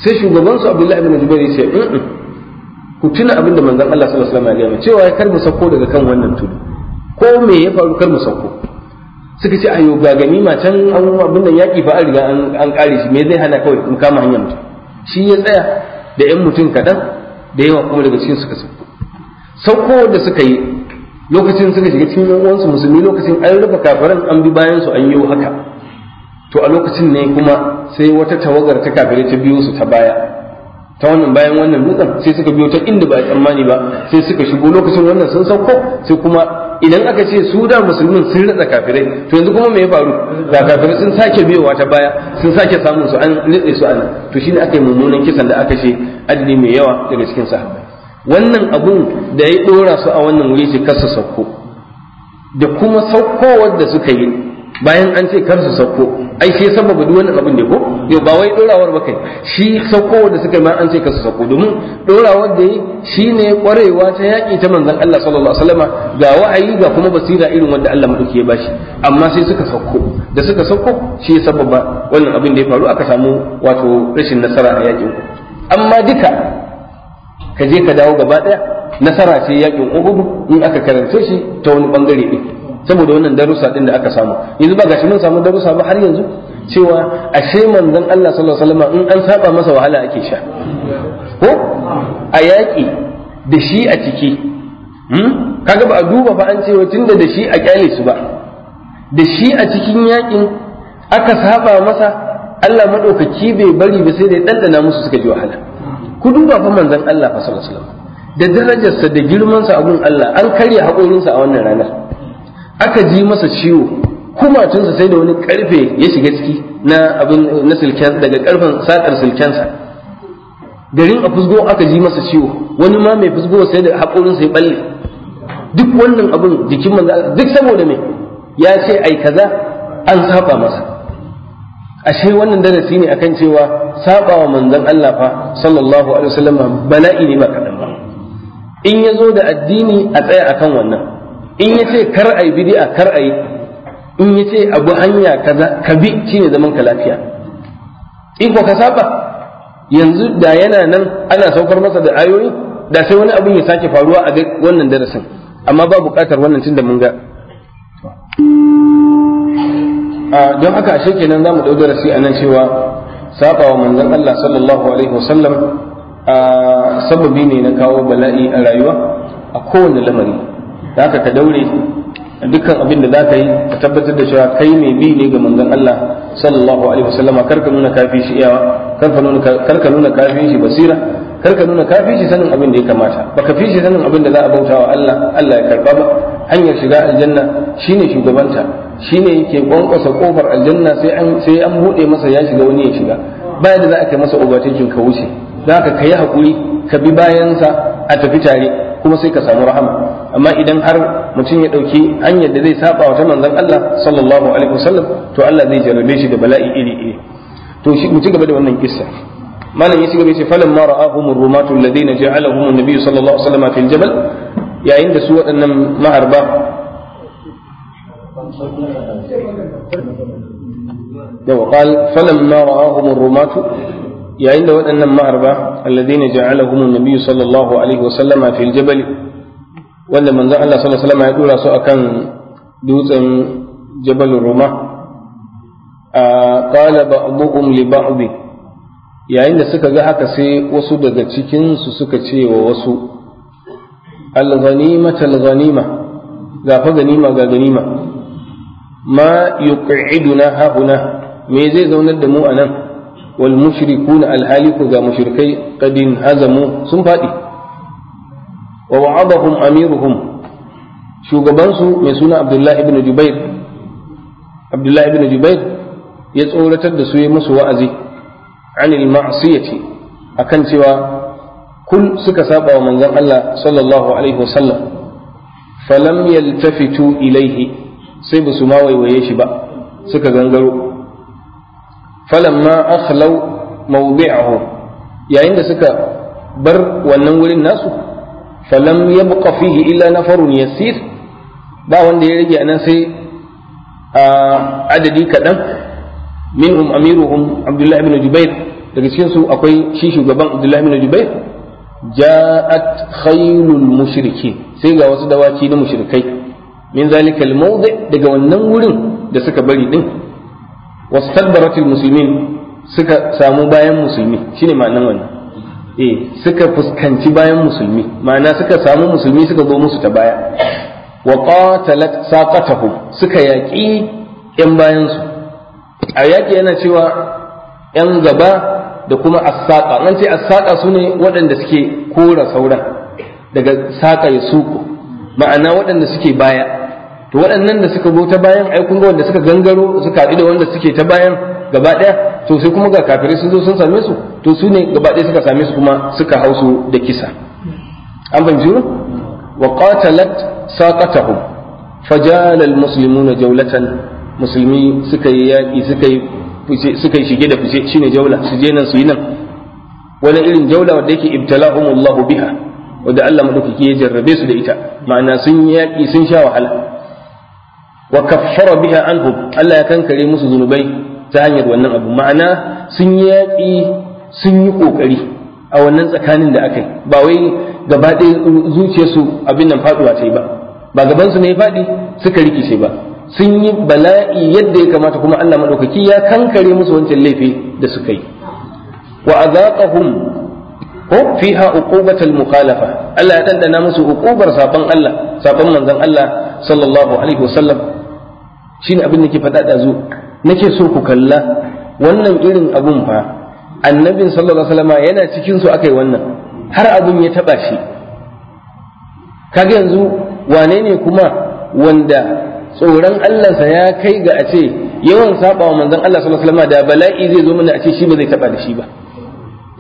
sai shugaban su Abdullahi ibn Jubair ya ce ku tuna abin da manzon Allah sallallahu alaihi wasallam ya cewa ya kar mu sauko daga kan wannan tudu ko me ya faru kar mu sauko suka ce ayo ga gani ma can an abin nan yaƙi fa an riga an kare shi me zai hana kawai mu kama hanyar mutum shi ya tsaya da 'yan mutum kadan da yawa kuma daga cikin suka sauko sauko da suka yi lokacin suka shiga cikin yan uwansu musulmi lokacin an rufe kafiran an bi bayan su an yi haka to a lokacin ne kuma sai wata tawagar ta kafire ta biyo su ta baya ta wannan bayan wannan dutsen sai suka biyo ta inda ba a tsammani ba sai suka shigo lokacin wannan sun sauko sai kuma idan aka ce su da musulmin sun rada kafirai to yanzu kuma me ya faru ga kafirai sun sake biyowa ta baya sun sake samun su an ritse su anan to shine aka yi mummunan kisan da aka ce adadi mai yawa daga cikin sahabbai wannan abun da ya ɗora su a wannan wuri su kasa sauko da kuma saukowar da suka yi bayan an ce kar su sauko ai sai sababa duk wannan abin ne ko yau ba wai dorawar ba kai shi saukowar da suka yi ma an ce kar su sauko domin dorawar da yi shine kwarewa ta yaƙi ta manzon Allah sallallahu alaihi wasallama ga wa'ayi ga kuma basira irin wanda Allah madauki ya bashi amma sai suka sauko da suka sauko shi sababa wannan abin da ya faru aka samu wato rashin nasara a yaƙin amma duka ka je ka dawo gaba daya nasara ce yakin uhud in aka karance shi ta wani bangare din saboda wannan darussa din da aka samu yanzu ba gashi mun samu darussa ba har yanzu cewa ashe manzon Allah sallallahu alaihi wasallam in an saba masa wahala ake sha ko a yaƙi da shi a ciki hmm? kaga ba a duba ba an cewa tunda da shi a kyale su ba da shi a cikin yaƙin aka saba masa Allah madaukaki bai bari ba sai da ɗanɗana musu suka ji wahala ku duba fa manzon Allah fa sallallahu alaihi wasallam da darajarsa da girmansa a gurin Allah an karya haƙorinsa a wannan ranar aka ji masa ciwo kumatunsa sai da wani karfe ya shiga ciki na abin na silken daga ƙarfen sakar silkensa garin a fusgo aka ji masa ciwo wani ma mai fusgo sai da haƙorinsa ya balle duk wannan abin jikin manzo duk saboda me ya ce ai kaza an saba masa ashe wannan darasi ne akan cewa wa manzon Allah fa sallallahu alaihi wasallam bala'i ne ba kadan ba in ya zo da addini a tsaya akan wannan in ya ce kar ai bid'a kar ai in ya ce abu hanya kaza ka bi shine zaman ka lafiya in ko ka saba yanzu da yana nan ana saukar masa da ayoyi da sai wani abu ya sake faruwa a wannan darasin amma ba buƙatar wannan tunda mun ga don haka ashe kenan zamu dau darasi anan cewa sabawa manzon Allah sallallahu alaihi wasallam sababi ne na kawo bala'i a rayuwa a kowane lamari haka ka daure dukkan abin da zaka yi ka tabbatar da cewa kai mai bi ne ga manzon Allah sallallahu alaihi wasallama kar ka nuna kafi shi iyawa kar ka nuna kar ka nuna kafi shi basira kar ka nuna kafi shi sanin abin da ya kamata ka fi shi sanin abin da za a bauta wa Allah Allah ya karba ba hanyar shiga aljanna shine shugabanta Shi ne yake kwankwasa kofar aljanna sai an buɗe an masa ya shiga wani ya shiga bayan da za a kai masa ubatakin ka wuce za ka kai hakuri ka bi bayansa a tafi tare kuma sai ka samu rahama amma idan har mutum ya ɗauki hanyar da zai saba wa ta manzon Allah sallallahu alaihi wasallam to Allah zai jarrabe shi da bala'i iri iri to shi mu ci gaba da wannan kissa malam ya ci gaba ya ce falamma ra'ahum ar-rumatu alladhina ja'alahum an-nabiy sallallahu alaihi wasallam fil jabal yayin da su waɗannan maharba وقال فلما رآهم الرماة يا عند ودنا معربة الذين جعلهم النبي صلى الله عليه وسلم fil jabali. wanda manzon Allah sallallahu alaihi wasallam ya dora su kan dutsen Jabal Roma? a qala ba'dhum li ba'd yayin da suka ga haka sai wasu daga cikinsu suka ce wa wasu al-ghanimata al-ghanima ga fa ganima ga ganima ma yuq'iduna hahuna me zai zaunar da mu anan? nan wal mushrikuna alhali ko ga mushrikai qadin hazamu sun faɗi wa wa'adahum amiruhum shugabansu mai suna abdullahi ibn jubair abdullahi ibn jubair ya tsoratar da su ya musu wa'azi anil ma'siyati akan cewa kun suka saba wa manzon Allah sallallahu alaihi wasallam falam yaltafitu ilaihi sai ba su ma waiwaye shi ba suka gangaro falamma akhlau mawdi'ahu yayin da suka bar wannan wurin nasu falam yabqa fihi illa na farun yasir ba wanda ya rage anan sai a adadi kaɗan minhum amiruhum abdullahi ibn jubair daga cikin su akwai shi shugaban abdullahi ibn jubair ja'at khaylul mushrikin sai ga wasu dawaki na mushrikai min zalika al-mawdi daga wannan wurin da suka bari din wastadbaratil muslimin suka samu bayan musulmi shine ma'anar wannan eh suka fuskanci bayan musulmi ma'ana suka samu musulmi suka zo musu ta baya wa qatalat saqatahum suka yaƙi yan bayan su a yaƙi yana cewa yan gaba da kuma as-saqa an ce as sune waɗanda suke kora sauran daga saqa ya suku ma'ana waɗanda suke baya to waɗannan da suka zo ta bayan ai kun ga wanda suka gangaro suka haɗu da wanda suke ta bayan gaba ɗaya to sai kuma ga kafirai sun zo sun same su to su ne gaba ɗaya suka same su kuma suka hausu da kisa an fahimci ne wa qatalat saqatahum fajala muslimuna jawlatan musulmi suka yi yaƙi suka yi suka shige da fice shine jawla su je nan su yi nan wani irin jaula wanda yake ibtala'umullahu biha wanda Allah madaukaki ya jarrabe su da ita ma'ana sun yaƙi sun sha wahala wa kaffara biha anhu Allah ya kankare musu zunubai ta hanyar wannan abu ma'ana sun yi yaƙi sun yi ƙoƙari a wannan tsakanin da aka yi ba wai gaba ɗaya zuciyarsu abin nan faɗuwa ta ba ba gabansu ne faɗi suka rikice ba sun yi bala'i yadda ya kamata kuma Allah maɗaukaki ya kankare musu wancan laifi da suka yi wa azaqahum ko fiha uqubatal mukhalafa Allah ya dandana musu uqubar saban Allah saban manzon Allah sallallahu alaihi wasallam Shin abin da ke faɗa da nake so ku kalla wannan irin abun fa annabin sallallahu alaihi wasallam yana cikin su akai wannan har abun ya taba shi kaga yanzu wane ne kuma wanda tsoron Allah sa ya kai ga a ce yawan saba wa manzon Allah sallallahu alaihi wasallam da bala'i zai zo mana a ce shi ba zai taba da shi ba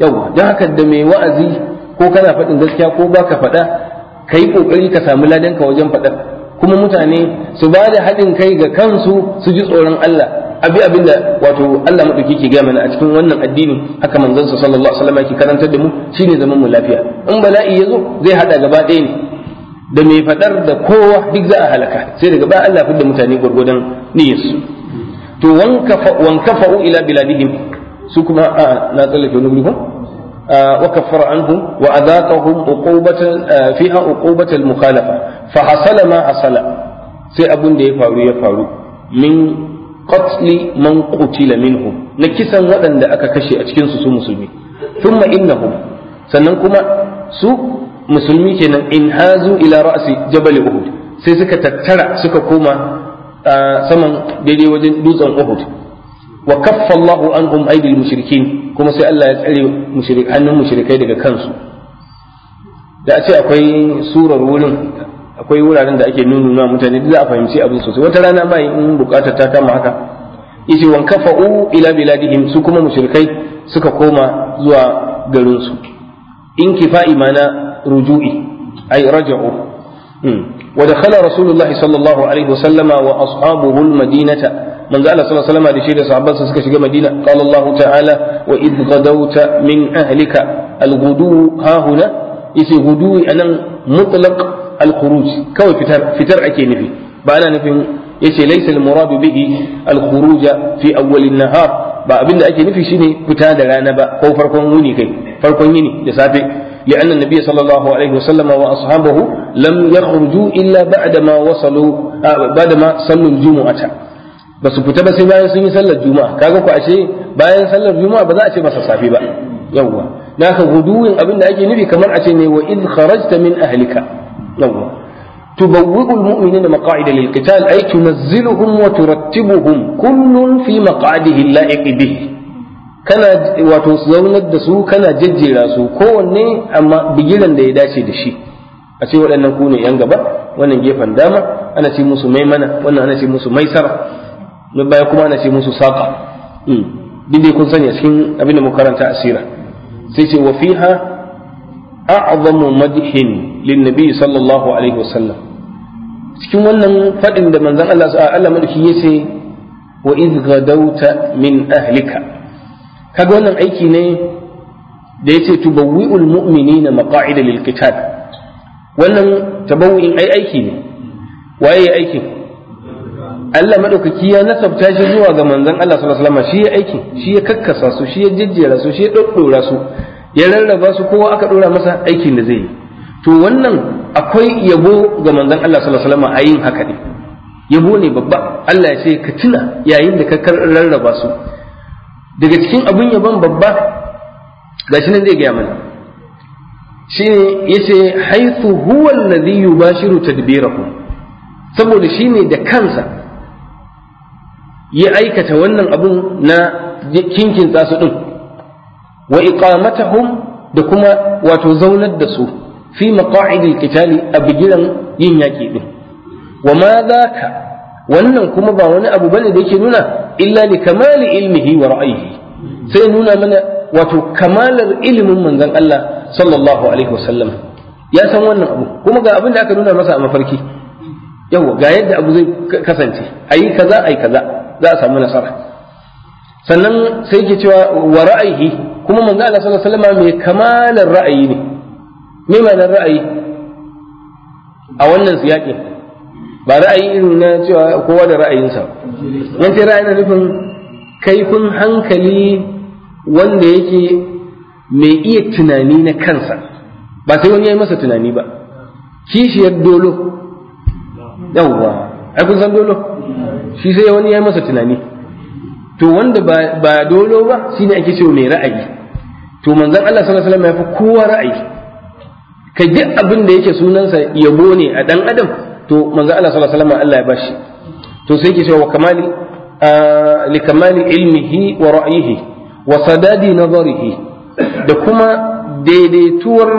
yawa dan haka da mai wa'azi ko kana faɗin gaskiya ko baka faɗa kai kokari ka samu ladanka wajen faɗar. kuma mutane su ba da haɗin kai ga kansu su ji tsoron Allah abi abin da wato Allah madauki ke gaya mana a cikin wannan addini haka manzon sa sallallahu alaihi wasallam yake karantar da mu shine zaman mu lafiya in bala'i yazo zai hada gaba ɗaya ne da mai fadar da kowa duk za a halaka sai daga ba Allah fidda mutane gurgudan su. to wanka wanka fa'u ila biladihim su kuma a na tsallake wani gurgudan وكفر عنهم وأذاقهم عقوبة فيها عقوبة المخالفة فحصل ما حصل سي أبن دي فارو يفارو من قتل من قتل منهم نكسا ودن دا أكا كشي أتكين سو مسلمي ثم إنهم سننكما سو مسلمي كنا انهازوا إلى رأس جبل أهود سي سكا تترع سكا كوما سمن دي وجن دوزن أهود wa kaffa Allahu anhum aidil mushrikin kuma sai Allah ya tsare mushrik hannun mushrikai daga kansu da a ce akwai surar wurin akwai wuraren da ake nuna mutane da za a fahimci abin sosai wata rana ma in bukatar ta kama haka yace wan kafa'u ila biladihim su kuma mushrikai suka koma zuwa garin su in kifa'i mana ruju'i ay raja'u hmm. wa dakhala rasulullahi sallallahu alaihi wasallama wa ashabuhu Madinata. manzo Allah sallallahu alaihi wasallam da shi da sahabbansa suka shiga Madina qala Allah ta'ala wa id gadawta min ahlika al-ghudu ha huna yace gudu anan mutlaq al-khuruj kawai fitar fitar ake nufi ba ana nufin yace laysa al-murad bihi al-khuruj fi awwal an-nahar ba abinda ake nufi shine fita da rana ba ko farkon wuni kai farkon yini da safe لأن النبي صلى الله عليه وسلم وأصحابه لم يخرجوا إلا بعدما وصلوا بعدما صلوا الجمعة ba su fita ba sai bayan sun yi sallar juma'a kaga ku ashe bayan sallar juma'a ba za a ce masa safi ba yawwa naka guduwin abin da ake nufi kamar a ce ne wa id kharajta min ahlika yawwa تبوئ da مقاعد للقتال أي تنزلهم وترتبهم كل في مقعده اللائق به kana wato zaunar da su kana jejjera su kowanne amma bigiran da ya dace da shi a ce waɗannan ku ne yan gaba wannan gefen dama ana ce musu maimana wannan ana ce musu maisara na baya kuma ana ce musu saƙa. Hmm. duk dai kun sani cikin abin da muka karanta asira sai ce wa fiha a'zamu madhin lin sallallahu alaihi wasallam cikin wannan fadin da manzon Allah Allah madauki yace wa idh gadawta min ahlika kaga wannan aiki ne da yace tubawwi'ul mu'minina maqa'ida lil qital wannan tabawwi'in ai aiki ne waye aikin Allah madaukaki ya nasabta shi zuwa ga manzon Allah sallallahu alaihi wasallam shi ya aikin shi ya kakkasa su shi ya jejjera su shi ya doddora su ya rarraba su kowa aka dora masa aikin da zai yi to wannan akwai yabo ga manzon Allah sallallahu alaihi wasallam a yin haka ne yabo ne babba Allah ya ce ka tuna yayin da ka rarraba su daga cikin abun yabon babba gashi nan zai gaya mana ya ce haithu huwa alladhi yubashiru tadbirahu saboda shi ne da kansa ya aikata wannan abun na kinkin su ɗin, wa iqamatahum da kuma wato zaunar da su fi maqa'idil qitali a bigiran yin yaƙi ɗin. wa ma zaka wannan kuma ba wani abu bane da yake nuna illa li kamali ilmihi wa ra'ayihi sai nuna mana wato kamalar ilimin manzon Allah sallallahu alaihi wasallam ya san wannan abu kuma ga abin da aka nuna masa a mafarki yawa ga yadda abu zai kasance ayi kaza ayi kaza za a samu nasara sannan sai ke cewa wa ra'ayi kuma manzo Allah sallallahu alaihi wasallam mai kamalar ra'ayi ne me ma'anar ra'ayi a wannan siyaki ba ra'ayi irin na cewa kowa da ra'ayinsa yan ce ra'ayi na nufin kaifin hankali wanda yake mai iya tunani na kansa ba sai wani ya yi masa tunani ba kishiyar dolo yawwa ai kun san dolo shi sai wani ya masa tunani to wanda ba dolo ba shi ne ake cewa mai ra'ayi to manzan Allah sallallahu alaihi wasallam ya fi kowa ra'ayi Ka ji abin da yake sunansa yabo ne a dan adam to manzan Allah sallallahu alaihi wasallam Allah ya bashi to sai yake cewa kamali li kamali ilmihi wa ra'yihi wa sadadi nazarihi da kuma daidaituwar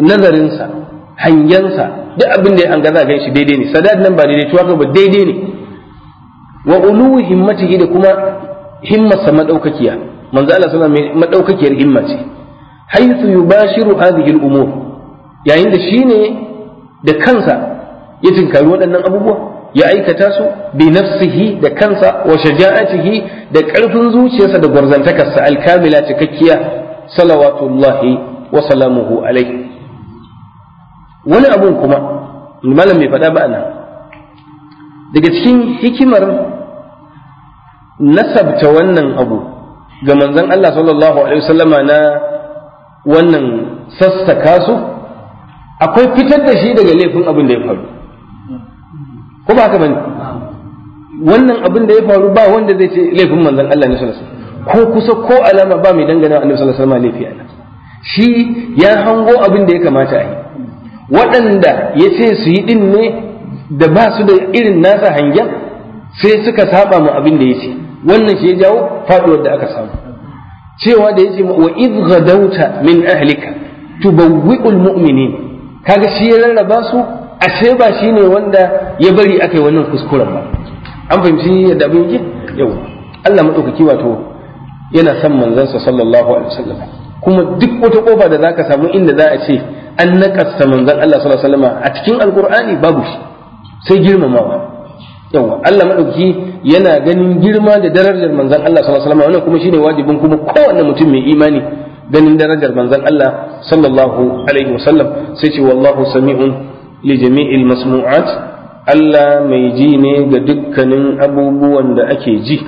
nazarinsa hangensa duk abin da an gaza gan shi daidai ne sadad nan ba daidaituwa ba daidai ne wa uluwi himmatihi da kuma himmarsa madaukakiya manzo Allah sallallahu alaihi madaukakiyar himma ce haythu yubashiru hadhihi al-umur yayin da shine da kansa ya tinkari waɗannan abubuwa ya aikata su bi nafsihi da kansa wa shaja'atihi da ƙarfin zuciyarsa da gwarzantakarsa alkamila cikakkiya salawatullahi wa salamuhu alaihi wani abun kuma malam bai faɗa ba nan daga cikin hikimar nasabta wannan abu ga manzon Allah sallallahu alaihi wasallama na wannan sassaka su akwai fitar da shi daga laifin abin da ya faru ko ba haka bane wannan abin da ya faru ba wanda zai ce laifin manzon Allah ne sallallahu alaihi ko kusa ko alama ba mai dangana annabi sallallahu alaihi wasallam laifi ana shi ya hango abin da ya kamata a yi waɗanda ya ce su yi din ne da ba su da irin nasa hangen sai suka saba mu abin da ya ce wannan shi ya jawo faduwar da aka samu cewa da yace wa idh ghadawta min ahlika tubawwi'ul mu'minin kaga shi ya rarraba su ashe ba shine wanda ya bari akai wannan kuskuren ba an fahimci yadda abin yake yau Allah madaukaki wato yana son manzansa sallallahu alaihi wasallam kuma duk wata kofa da zaka samu inda za a ce an nakasta manzon Allah sallallahu alaihi wasallam a cikin alqur'ani babu shi sai girmamawa yawa Allah madauki yana ganin girma da darajar manzon Allah sallallahu alaihi wasallam kuma shine wajibin kuma kowanne mutum mai imani ganin darajar manzon Allah sallallahu alaihi wasallam sai ce wallahu sami'un li jami'il masmu'at Allah mai ji ne ga dukkanin abubuwan da ake ji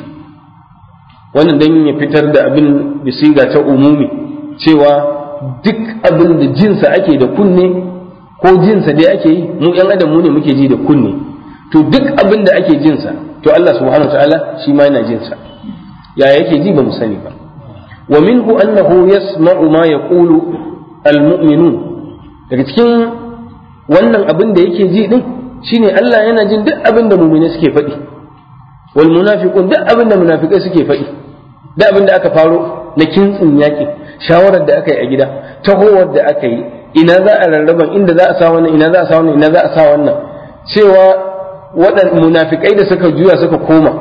wannan dan ya fitar da abin bisiga ta umumi cewa duk abin da jinsa ake da kunne ko jinsa dai ake yi mu yan adam mu ne muke ji da kunne to duk abin da ake jinsa to Allah subhanahu ta'ala shi ma yana jinsa ya yake ji ba mu sani ba wa minhu annahu yasma'u ma yaqulu almu'minun daga cikin wannan abin da yake ji din shine Allah yana jin duk abin da mu'mini suke faɗi wal munafiqun duk abin da munafikai suke faɗi duk abin da aka faro na kintsin yaki shawarar da aka yi a gida tahowar da aka yi ina za a rarraba inda za a sa wannan ina za a sa wannan ina za a sa wannan cewa waɗanda munafikai da suka juya suka koma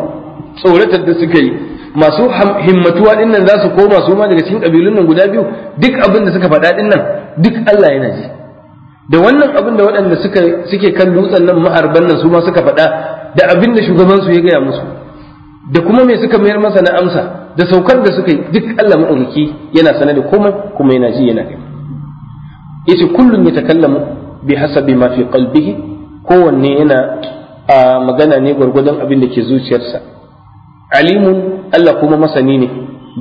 tsoratar da suka yi masu himmatuwa dinnan nan za su koma su ma daga cikin kabilun nan guda biyu duk abin da suka faɗa ɗin nan duk Allah yana ji da wannan abin da waɗanda suka suke kan dutsen nan ma'arban nan su ma suka faɗa da abin da shugaban su ya gaya musu da kuma me suka mayar masa na amsa da saukar da suka yi duk Allah madaukaki yana sanar da komai kuma yana ji yana gani yace kullun yatakallamu bihasabi ma fi qalbihi kowanne yana a magana ne gwargwadon abin da ke zuciyarsa alimun Allah kuma masani ne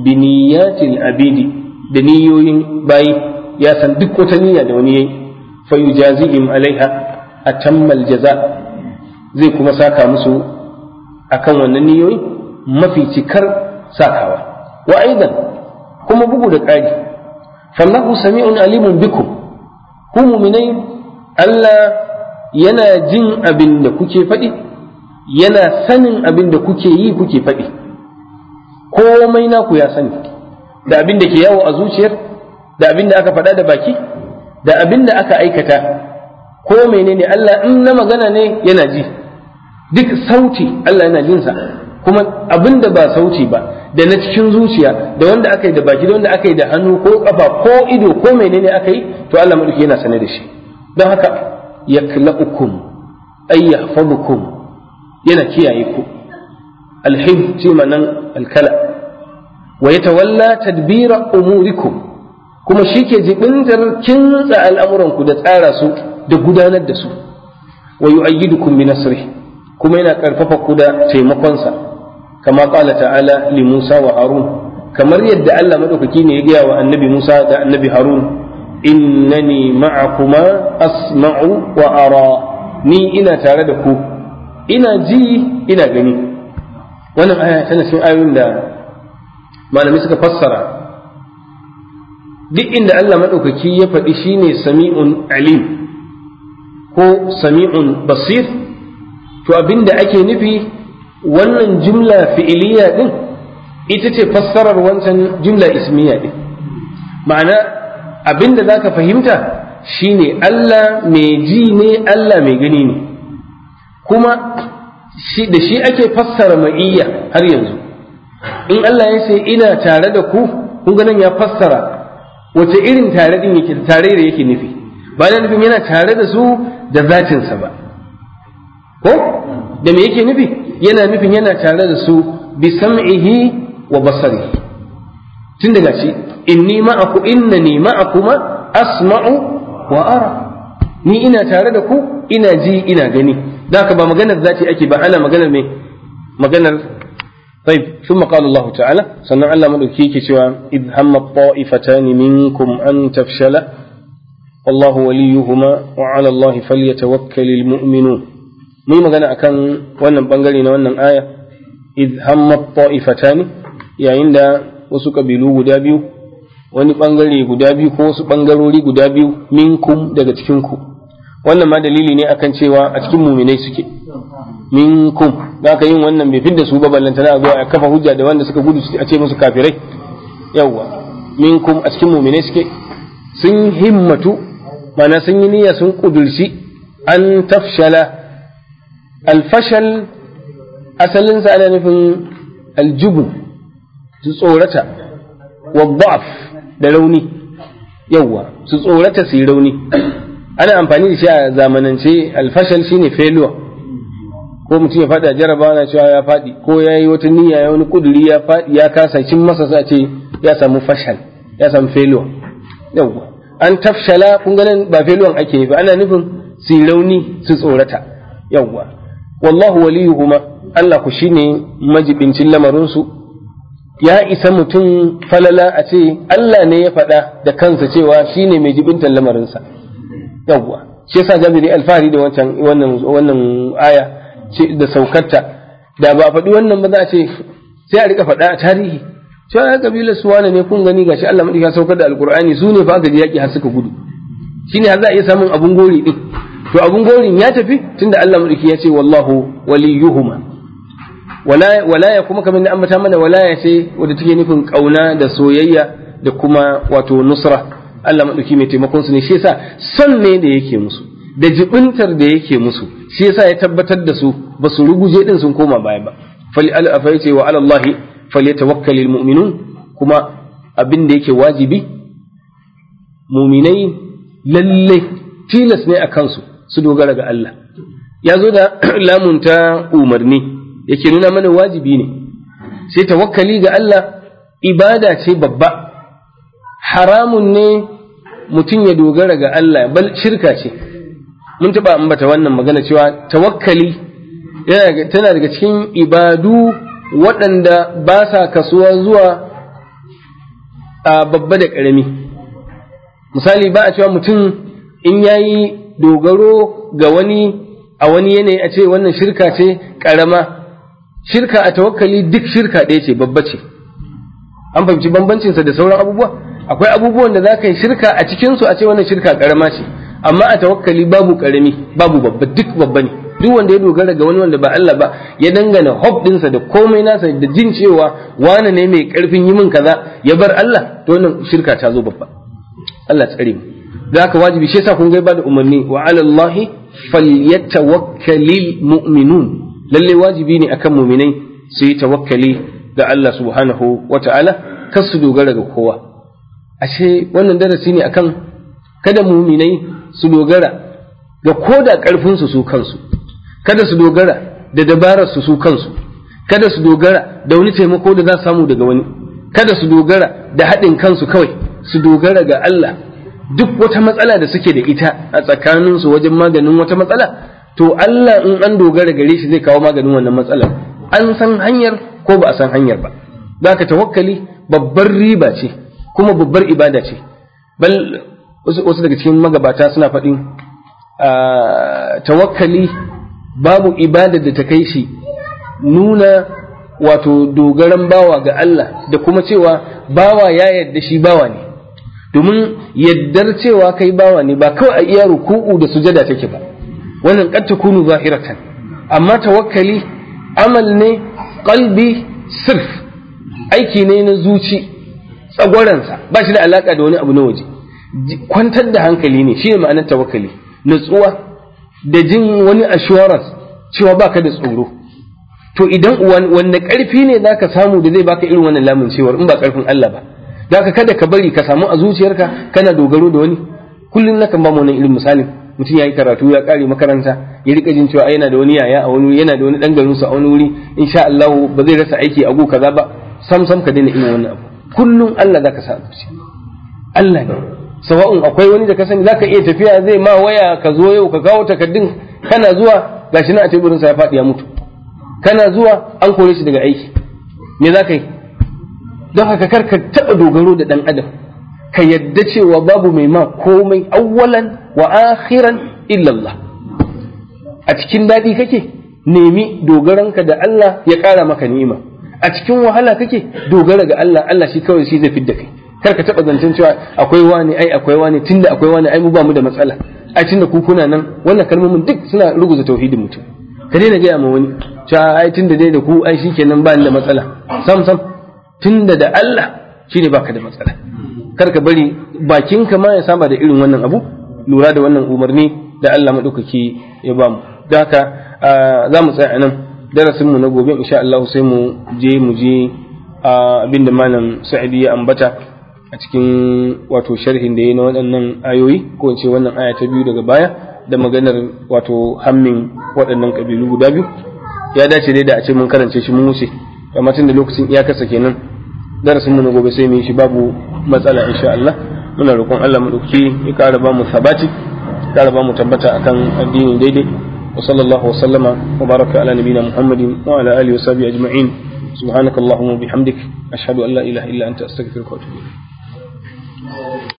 bi abidi da niyoyin bayi ya san duk wata niyya da wani yayi fa yujazihim alaiha atammal jaza zai kuma saka musu akan wannan niyoyi mafi cikar sakawa wa aidan kuma bugu da ƙari fallahu sami'un alimun bikum ku mu'minai Allah yana jin abin da kuke faɗi yana sanin abin da kuke yi kuke faɗi komai naku ya sani da abin da ke yawo a zuciyar da abin da aka faɗa da baki da abin da aka aikata ko menene Allah in na magana ne yana ji duk sauti Allah yana jinsa kuma abin da ba sauti ba da na cikin zuciya da wanda aka yi da baki da wanda aka yi da hannu ko kafa ko ido ko menene aka yi to Allah madauki yana sane da shi don haka yakla'ukum ay yahfazukum yana kiyaye ku alhif shi manan alkala wa yatawalla tadbira umurikum kuma shi ke jibintar kintsa al'amuranku da tsara su da gudanar da su wa yu'ayyidukum bi nasrih kuma yana karfafa ku da taimakonsa kama qala ta'ala li Musa wa Harun kamar yadda Allah madaukaki ne ya gaya wa annabi Musa da annabi Harun innani ma'akuma asma'u wa ara ni ina tare da ku ina ji ina gani wannan aya tana cikin ayoyin da malamai suka fassara duk inda Allah maɗaukaki ya faɗi shine sami'un alim ko sami'un basir to abinda ake nufi wannan jumla fi'iliya din ita ce fassarar wancan jumla ismiya din ma'ana abinda zaka fahimta shine Allah mai ji ne Allah mai gani ne kuma da shi ake fassara ma'iyya har yanzu in Allah ya ce ina tare da ku kun nan ya fassara wace irin tare din yake tare da yake nufi ba da nufin yana tare da su da zatinsa ba ko da me yake nufi yana nufin yana tare da su bi sam'ihi wa basari tun daga shi inni ma'aku innani ma'akuma asma'u wa ara ni ina tare da ku ina ji ina gani da haka ba maganar zati ake ba ana maganar me maganar طيب ثم قال الله تعالى صنع الله ملكيك سوى إذ هم الطائفتان منكم أن تفشل والله وليهما وعلى الله فليتوكل المؤمنون مي مغانا أكان وانا بانغالينا وانا آية إذ هم الطائفتان يعني وسك بلو دابيو wani bangare guda biyu ko wasu bangarori guda biyu minkum daga cikin wannan ma dalili ne akan cewa a cikin muminai suke minkum da ka yin wannan bai fidda su ba ballanta a zo a kafa hujja da wanda suka gudu a ce musu kafirai yawwa minkum a cikin muminai suke sun himmatu mana sun yi niyya sun kudurci an tafshala alfashal asalinsa ana nufin aljubu tsorata wa da rauni yawwa su tsorata su yi rauni ana amfani da shi a zamanance alfashal shine failure ko mutum ya faɗi a na cewa ya faɗi ko ya yi wata niyya ya wani kuduri ya faɗi ya kasa cin masa sa ce ya samu fashal ya samu failure yawwa an tafshala kun ganin ba failure ake ba ana nufin su yi rauni su tsorata yawwa wallahu waliyuhuma Allah ku shine majibincin lamarinsu ya isa mutum falala a ce Allah ne ya faɗa da kansa cewa shi ne mai jibintan lamarinsa yawwa shi yasa jabiri alfahari da wancan wannan aya da saukarta da ba faɗi wannan ba za a ce sai a rika faɗa a tarihi cewa ya kabila wane ne kun gani gashi Allah ka saukar da alqur'ani su ne fa aka ji yaki har suka gudu shine har za a iya samun abun gori din to abun gorin ya tafi tunda Allah madiki ya ce wallahu waliyuhuma walaya kuma kamar da ambata mana walaya ce wadda take nufin kauna da soyayya da kuma wato nusra Allah maɗauki mai taimakon su ne shi yasa son ne da yake musu da jibintar da yake musu shi yasa ya tabbatar da su ba su ruguje din sun koma baya ba fali al afaiti wa ala falyatawakkal al mu'minun kuma abin da yake wajibi muminai lalle tilas ne a kansu su dogara ga Allah ya zo da lamunta umarni yake nuna mana wajibi ne sai tawakkali ga Allah ibada ce babba haramun ne mutum ya dogara ga Allah bal shirka ce mun taɓa ambata wannan magana cewa tawakkali tana daga cikin ibadu waɗanda ba sa kasuwa zuwa a babba da ƙarami misali ba a cewa mutum in yayi dogaro ga wani a wani yanayi a ce wannan shirka ce ƙarama shirka a tawakkali duk shirka ɗaya ce babba ce an fahimci bambancinsa da sauran abubuwa akwai abubuwan da za ka yi shirka a cikinsu a ce wannan shirka ƙarama ce amma a tawakkali babu ƙarami babu babba duk babba ne duk wanda ya dogara ga wani wanda ba Allah ba ya dangana hope dinsa da komai nasa da jin cewa wani ne mai karfin yi min kaza ya bar Allah to wannan shirka ta zo babba Allah tsare mu da haka wajibi shi yasa kun ga ba da umarni wa ala Allah falyatawakkalil mu'minun lalle wajibi ne akan muminai su yi tawakkali ga Allah subhanahu wata'ala kar su dogara ga kowa ashe wannan darasi ne akan kada muminai su dogara ga koda karfin su su kansu kada su dogara da dabarar su su kansu kada su dogara da wani taimako da za su samu daga wani kada su dogara da haɗin kansu kawai su dogara ga Allah duk wata matsala da suke da ita a tsakaninsu wajen maganin wata matsala to Allah in an dogara gare shi zai kawo maganin wannan matsalar an san hanyar ko ba a san hanyar ba za ka tawakkali babbar riba ce kuma babbar ibada ce bal wasu daga cikin magabata suna faɗin ah, tawakkali babu ibada da ta kai shi nuna wato dogaran bawa ga Allah da kuma cewa bawa ya yarda shi bawa ne domin yaddar cewa kai bawa ne ba kawai a iya ruku'u da sujada take ba wannan kan takunu zahiratan amma tawakkali amal ne qalbi sirf aiki ne na zuci tsagwaransa ba shi da alaka da wani abu na waje kwantar da hankali ne shine ma'anar tawakkali natsuwa da jin wani assurance cewa baka da tsoro to idan wanne ƙarfi ne zaka samu da zai baka irin wannan lamun cewar in ba ƙarfin Allah ba zaka kada ka bari ka samu a zuciyarka kana dogaro da wani kullum nakan ba mu wannan irin misalin mutum ya yi karatu ya kare makaranta ya rika jin cewa yana da wani yaya a wani yana da wani dan garinsu a wani wuri insha Allah ba zai rasa aiki a go kaza ba sam sam ka daina irin wannan abu kullum Allah zaka sa zuci Allah ne sawa'un akwai wani da ka sani zaka iya tafiya zai ma waya ka zo yau ka kawo takardun kana zuwa gashi na a teburin sa ya faɗi ya mutu kana zuwa an kore shi daga aiki me zaka yi don haka kar ka taɓa dogaro da ɗan adam ka yadda cewa babu mai ma komai awwalan wa akhiran illallah a cikin daɗi kake nemi dogaranka da Allah ya ƙara maka ni'ima a cikin wahala kake dogara ga Allah Allah shi kawai shi zai fidda kai kar ka taɓa zancen cewa akwai wani ai akwai wani tunda akwai wani ai mu ba mu da matsala ai da ku kuna nan wannan kalmomin duk suna ruguza tauhidin mutum ka daina gaya ma wani cewa ai tunda dai da ku ai shi kenan ba ni da matsala sam sam tunda da Allah shine baka da matsala kar ka bari bakinka ma ya saba da irin wannan abu lura da wannan umarni da Allah madaukaki ya ba mu da haka za mu tsaya nan darasin mu na gobe insha Allah sai mu je mu je da malam Sa'idi ya ambata a cikin wato sharhin da ya na waɗannan ayoyi ko ce wannan aya ta biyu daga baya da maganar wato hammin waɗannan kabilu guda biyu ya dace dai da a ce mun karance shi mun wuce amma tun da lokacin iyakarsa kenan darasin mu na gobe sai mu yi shi babu matsala insha Allah muna roƙon Allah mu dauki ya kara ba mu sabati kara ba mu tabbata akan addini daidai wa sallallahu wa sallama wa baraka ala nabiyina muhammadin wa ala alihi wa sahbihi ajma'in subhanakallahumma wa bihamdik ashhadu an la ilaha illa anta astaghfiruka wa atubu